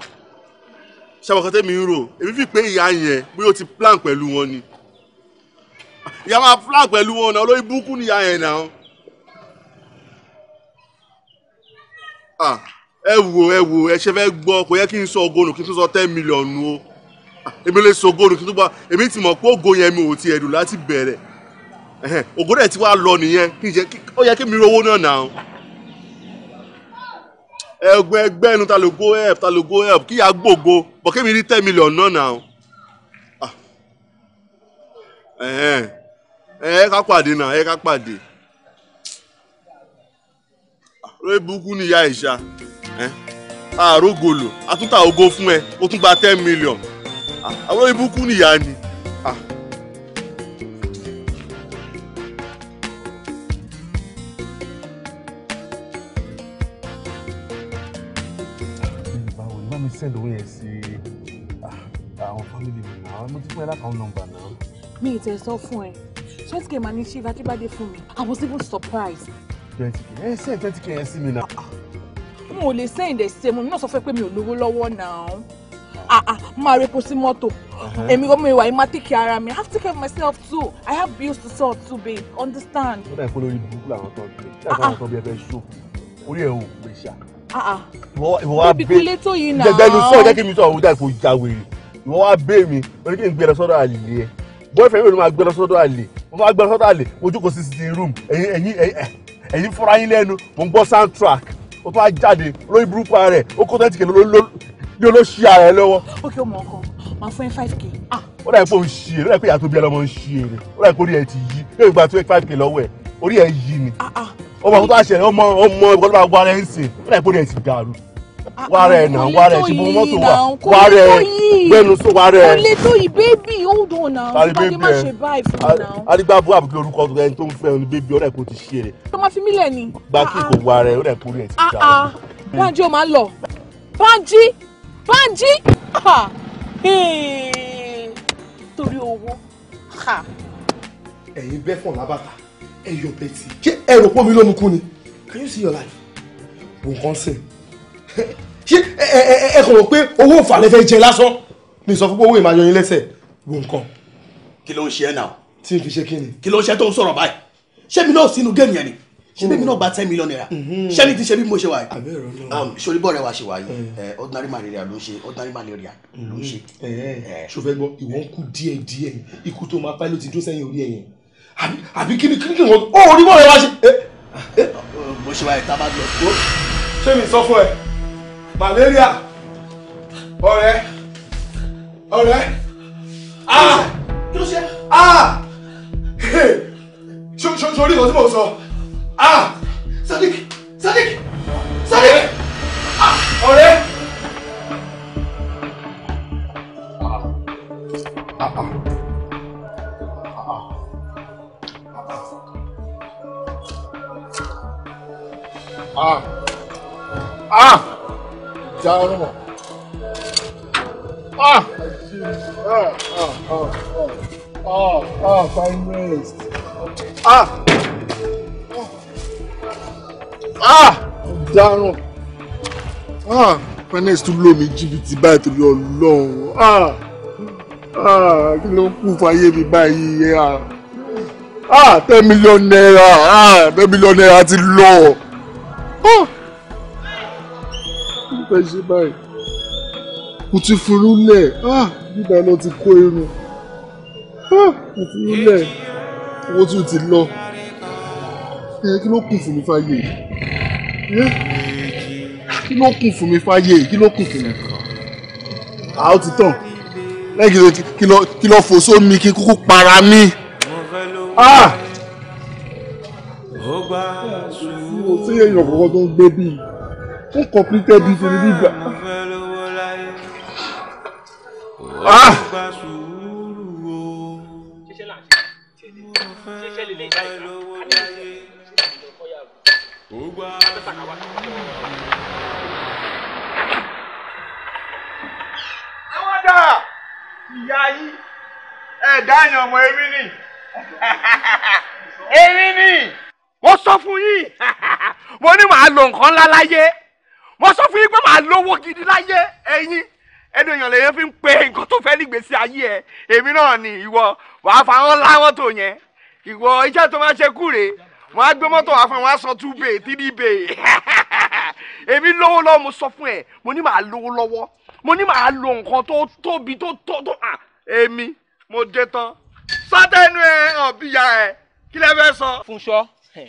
ṣàbọ̀kọ́tẹ́ mi ń rò èmi fi pé ìyá yẹn bóyá o ti plan pẹ̀lú wọn ni. ya máa flag pẹ̀lú wọn náà olórí burúkú ni ìyá yẹn o ah, ẹ wo ẹ wo ẹ ṣe fẹ́ n sọ ogonu kí n tún sọ ten million o èmi lè sọ ogonu kí n tún èmi ti mọ̀ pé yẹn mi ò ti ẹ̀dùn láti bẹ̀rẹ̀ ògo dẹ̀ ti wá lọ nìyẹn kí n jẹ́ ó yẹ kí mi rówó náà náà ẹgbẹ́ ẹgbẹ́ inú ta ló go help ta ẹ ká pàdé náà ẹ ká pàdé lórí burúkú ni ìyá ìṣá àrògolo àtúntà ògo fún ẹ ó tún gba ten million àwọn lórí burúkú ni ìyá ni. send owó yẹn sí ah, àwọn family mi náà mo ti fún ẹ lákàún nọ́mbà náà. mi ì tẹ sọ fún ẹ twenty k ma ni chief akíbádé for me. i was even surprised. twenty k ẹ eh, see twenty k ẹ sí mi náà. n ò lè send ẹ sí ẹ mo náà sọ fún ẹ pé mi ò lówó lọ́wọ́ náà ah, ah, máa repo sí mọ́tò èmi ọmọ ìwà yìí i have to take care of myself too i have bills to sort too babe understand. ó dàbí pé lórí burúkú làwọn tó ń gbé ṣé ah, àwọn tó ń bí ẹ fẹ́ ṣó orí ẹ̀ ò gbé ṣá. ìwọ wá bẹ́ẹ̀ bíbí tó yìí náà. jẹjẹrẹ ní sọ jẹ́ kí mi sọ òun boyfriend mo máa gbẹrun sọ́tà lè mo jókòó sí room ẹ̀yin ẹ̀yin ẹ̀yin fọ́ra yín lẹ́nu mo ń gbọ́ soundtrack ó tún á jáde lórí burúkú rẹ̀ ó kó tẹ́tì kìlọ́ ní olóṣì ara rẹ̀ lọ́wọ́. ó kí o mọ̀ ọkọ máa fún ẹ five k. Ah! ó dà pé ó ń ṣe é ó dà pé ìyá tó bí ọlọmọ ń ṣe é ó dà pé orí ẹ ti yí yóò gba twenty five k lọ́wọ́ ẹ orí ẹ yí ni ah, ah. ọmọ àkótó àṣẹ ọmọ ọmọ ìgbọ́dọ̀ bá gbọ́ ara ẹ ń sè ó dà pé orí ẹ ti dàrú. Ah, wà rẹ̀ ah, nà wà rẹ̀ ṣùgbọ́n mọ́tò wà wà rẹ̀ gbẹnu sọ wà rẹ̀. kò lè tó yìí bébì hold on now bàdé má ṣe báyìí fún mi now. adigba bu àbúkẹ́ orúkọ ẹni tó ń fẹ́ ẹni bébì ọ̀rẹ́ kò ti ṣe rẹ̀. tó máa fi mí lẹ̀ ni. gba kò ah, wà rẹ̀ ọ̀rẹ́ kò rí ẹ̀ ti gbà. Bánjí o máa lọ Bánjí Bánjí torí owó. ẹ̀yin bẹ́ fún làbàtà ẹ̀yọ̀ bẹ́ẹ̀ ti jẹ́ ẹ̀rọ pọ́nmi lónìí kú ni can you see your life? bùnkán sẹ́yìn ṣé ẹ kàn rò pé owó òfà lẹ fẹ́ jẹ lásán mi sọ fún pé owó yìí máa yọ yín lẹ́sẹ̀ wo nǹkan. kí ló ń ṣe ẹ náà. tí n fi ṣe kí ni. kí ló ń ṣe tó ń sọ̀rọ̀ báyìí ṣé mi náà sínú géèmù yẹn ni ṣé bí mi náà gba ten million naira mm-hmm. ṣé ní ti ṣe bí mo ṣe wà yìí ṣolíbọ̀ rẹ̀ wá ṣe wà yìí mm. eh, ordinary malaria ló ń ṣe ordinary malaria ló ń ṣe. Mm-hmm. Eh, eh. ṣòfẹ́ gbọ́ ìwọ ń kú díẹ̀ díẹ̀ ikú tó máa pálí ti dún sẹ́yìn orí ẹ̀yìn àbí kí ni kí ni kí wọ́n ó orí bọ̀ rẹ̀ ṣe. Uh, mo ṣe wà yìí tábà lọ. ṣé mi sọ fún ẹ malaria ọ̀rẹ́ ọ̀rẹ́ ah kí ló ṣe ah sori ìwọ tí mo sọ ah Sadiq Sadiq Sadiq ah Ah. Ah, ah. Ah. Ah down on. Ah! Ah, ah, ah, ah. Ah, ah, fine rest. Ah! Ah! Ọ̀daràn. Ah! Finance tún lò mí jìbìtì báyìí torí Ọlọ́run. Ah! Ah! Kí ló ń kú fàyè mi báyìí? Ah! Ah! Ten million naira! Ah! Ten million naira ti lọ. Ah! fẹ́ ṣe báyìí mo ti furú lẹ̀ ah, nígbà náà ti kó irun ah, mo furú lẹ̀ owó tún ti lọ eh, kí ló kún eh? fún mi fáyé kí ló kún fún mi fáyé kí ló kún fún mi à ó ti tàn lẹ́yìn kí ló fò sómi kí kúkú para mi. Ah! ó gbà sùúrù. mo ti èèyàn kọ̀ọ̀kan tó ń gbé bíi who completed this in libya. Ah! àwọn dà ìyá yìí ẹ̀dá àyàn ọmọ èmi ni èmi ni mo sọ fún yín mo ní màá lo nǹkan ńlá láyé mo sọ fún yín pé màá lówó gidi láyé ẹ̀yin ẹnu èèyàn lèyẹn fi ń pe nǹkan tó fẹ́ nígbèsí ayé ẹ èmi náà ni ìwọ wàá fa wọn láwọn tó yẹn ìwọ iṣẹ́ tó máa ṣe kúre wọn á gbé mọ́tò wá fún wọn á sọ two bay three bay èmi lówó lọ́wọ́ mo sọ fún ẹ mo ní màá lówó lọ́wọ́ mo ní màá lo nǹkan tó tóbi tó tó tó à èmi mo dé tán sọtẹ́nu ẹ ọ̀bíya ẹ kí lẹ fẹ́ sọ. Fúnṣọ́.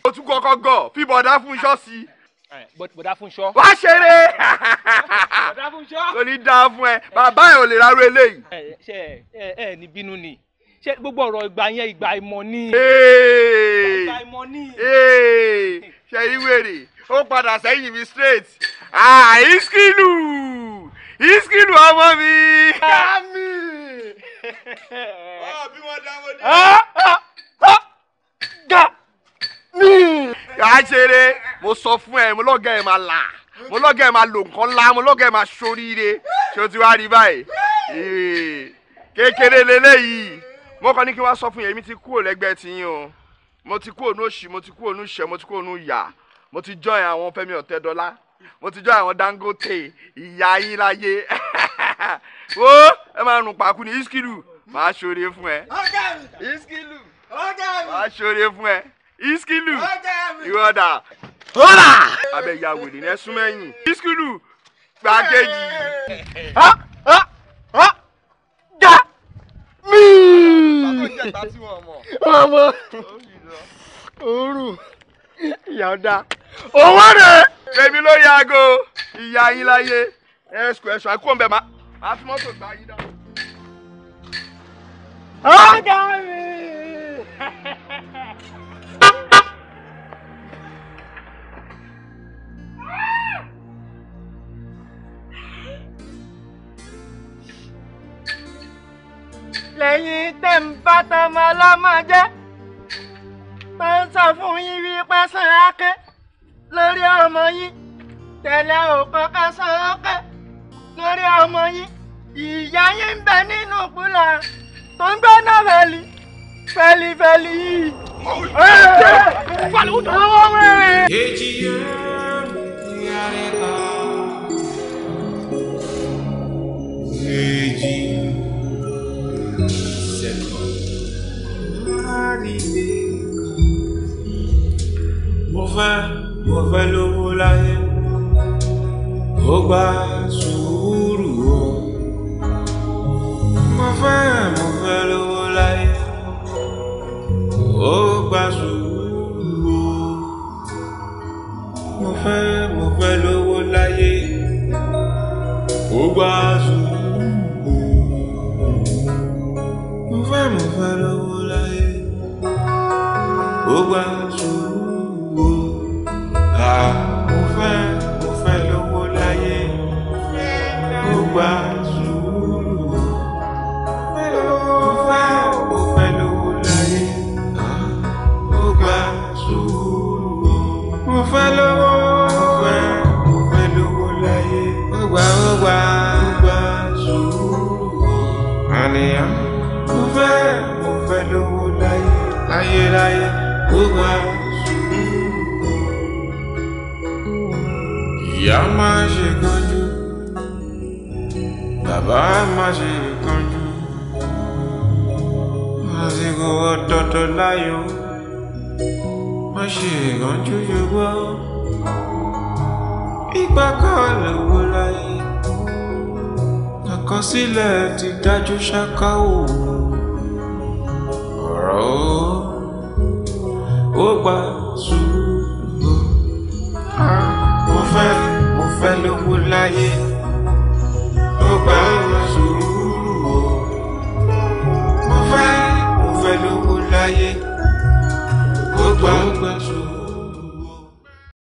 o tún kọ́kọ́ gọ̀ fíbọ̀dá Fúnṣọ́ sí i. But fún sọ. wá ṣeré bọ̀dá fún sọ. kò ní dáa fún ẹ bàbá ẹ ò lè rárú eléyìí. ẹ ẹ ẹ ní bínú ni ṣé gbogbo ọ̀rọ̀ ìgbà yẹn ìgbà ìmọ̀ ni. ìgbà ìmọ̀ ni. ṣe ìwèrè ó padà sẹ́yìn mi straight ìskìlù ah, ìskìlù ọmọ mi. kámi. ọ bí wọn dáwọ dé. ga mi yàá mo sọ fún ẹ mo lọ́gàá ẹ máa là mo lọ́gàá ẹ máa lò nǹkan lá mo lọ́gàá ẹ máa ṣoríire ṣé o ti wá rí báyìí kékeré lélẹ́yìí mo kàn ní kí wọ́n sọ fún yẹn èmi ti kúrò lẹ́gbẹ́ tiyín o mo ti kúrò ní òṣì mo ti kúrò ní ìṣẹ́ mo ti kúrò ní ìyà mo ti join àwọn Fẹ́mi Ọ̀tẹ́dọ́lá mo ti join àwọn Dangote ìyá yín láyé wo ẹ máa rùn pàkú ní iskilu màá ṣoore fún ẹ iskilu màá ṣoore fún ẹ iskilu ìwọ́dà ọ̀rà abẹ́yàwó ni ẹ súnmọ́ ẹ̀yìn iskilu gbàgéjì. ga mi ọmọ òórùn ìyá ọ̀dà owó rẹ̀. èmi ló yàgò ìyá yín láyé ẹ ṣù ẹ ṣù àìkú ọ̀nbẹ máa fi mọ́tò gbá yín dáhùn. ọ̀gá mi. lẹ́yìn tẹ̀ ń bá tọmọ ọlọ́mọ jẹ́ tó ń sọ fún yín wípé san ákẹ́ lórí ọmọ yín tẹ̀lé òkò ká san ákẹ́ lórí ọmọ yín ìyá yín ń bẹ nínú kúlà tó ń gbọ́ náà fẹ́lí fẹ́lifẹ́li yìí. ọwọ́ dìde mo fẹ́ mo fẹ́ lówó láyé ó gbà sùn. lọ́dọ̀ láyọ̀ má ṣe ìrànjú yọwọ́ ìgbà kan lówó láyé àkọsílẹ̀ ti dájú ṣáká o ọ̀rọ̀ ó gba sùúrù ah, mo fẹ́ mo fẹ́ lówó láyé ó gba.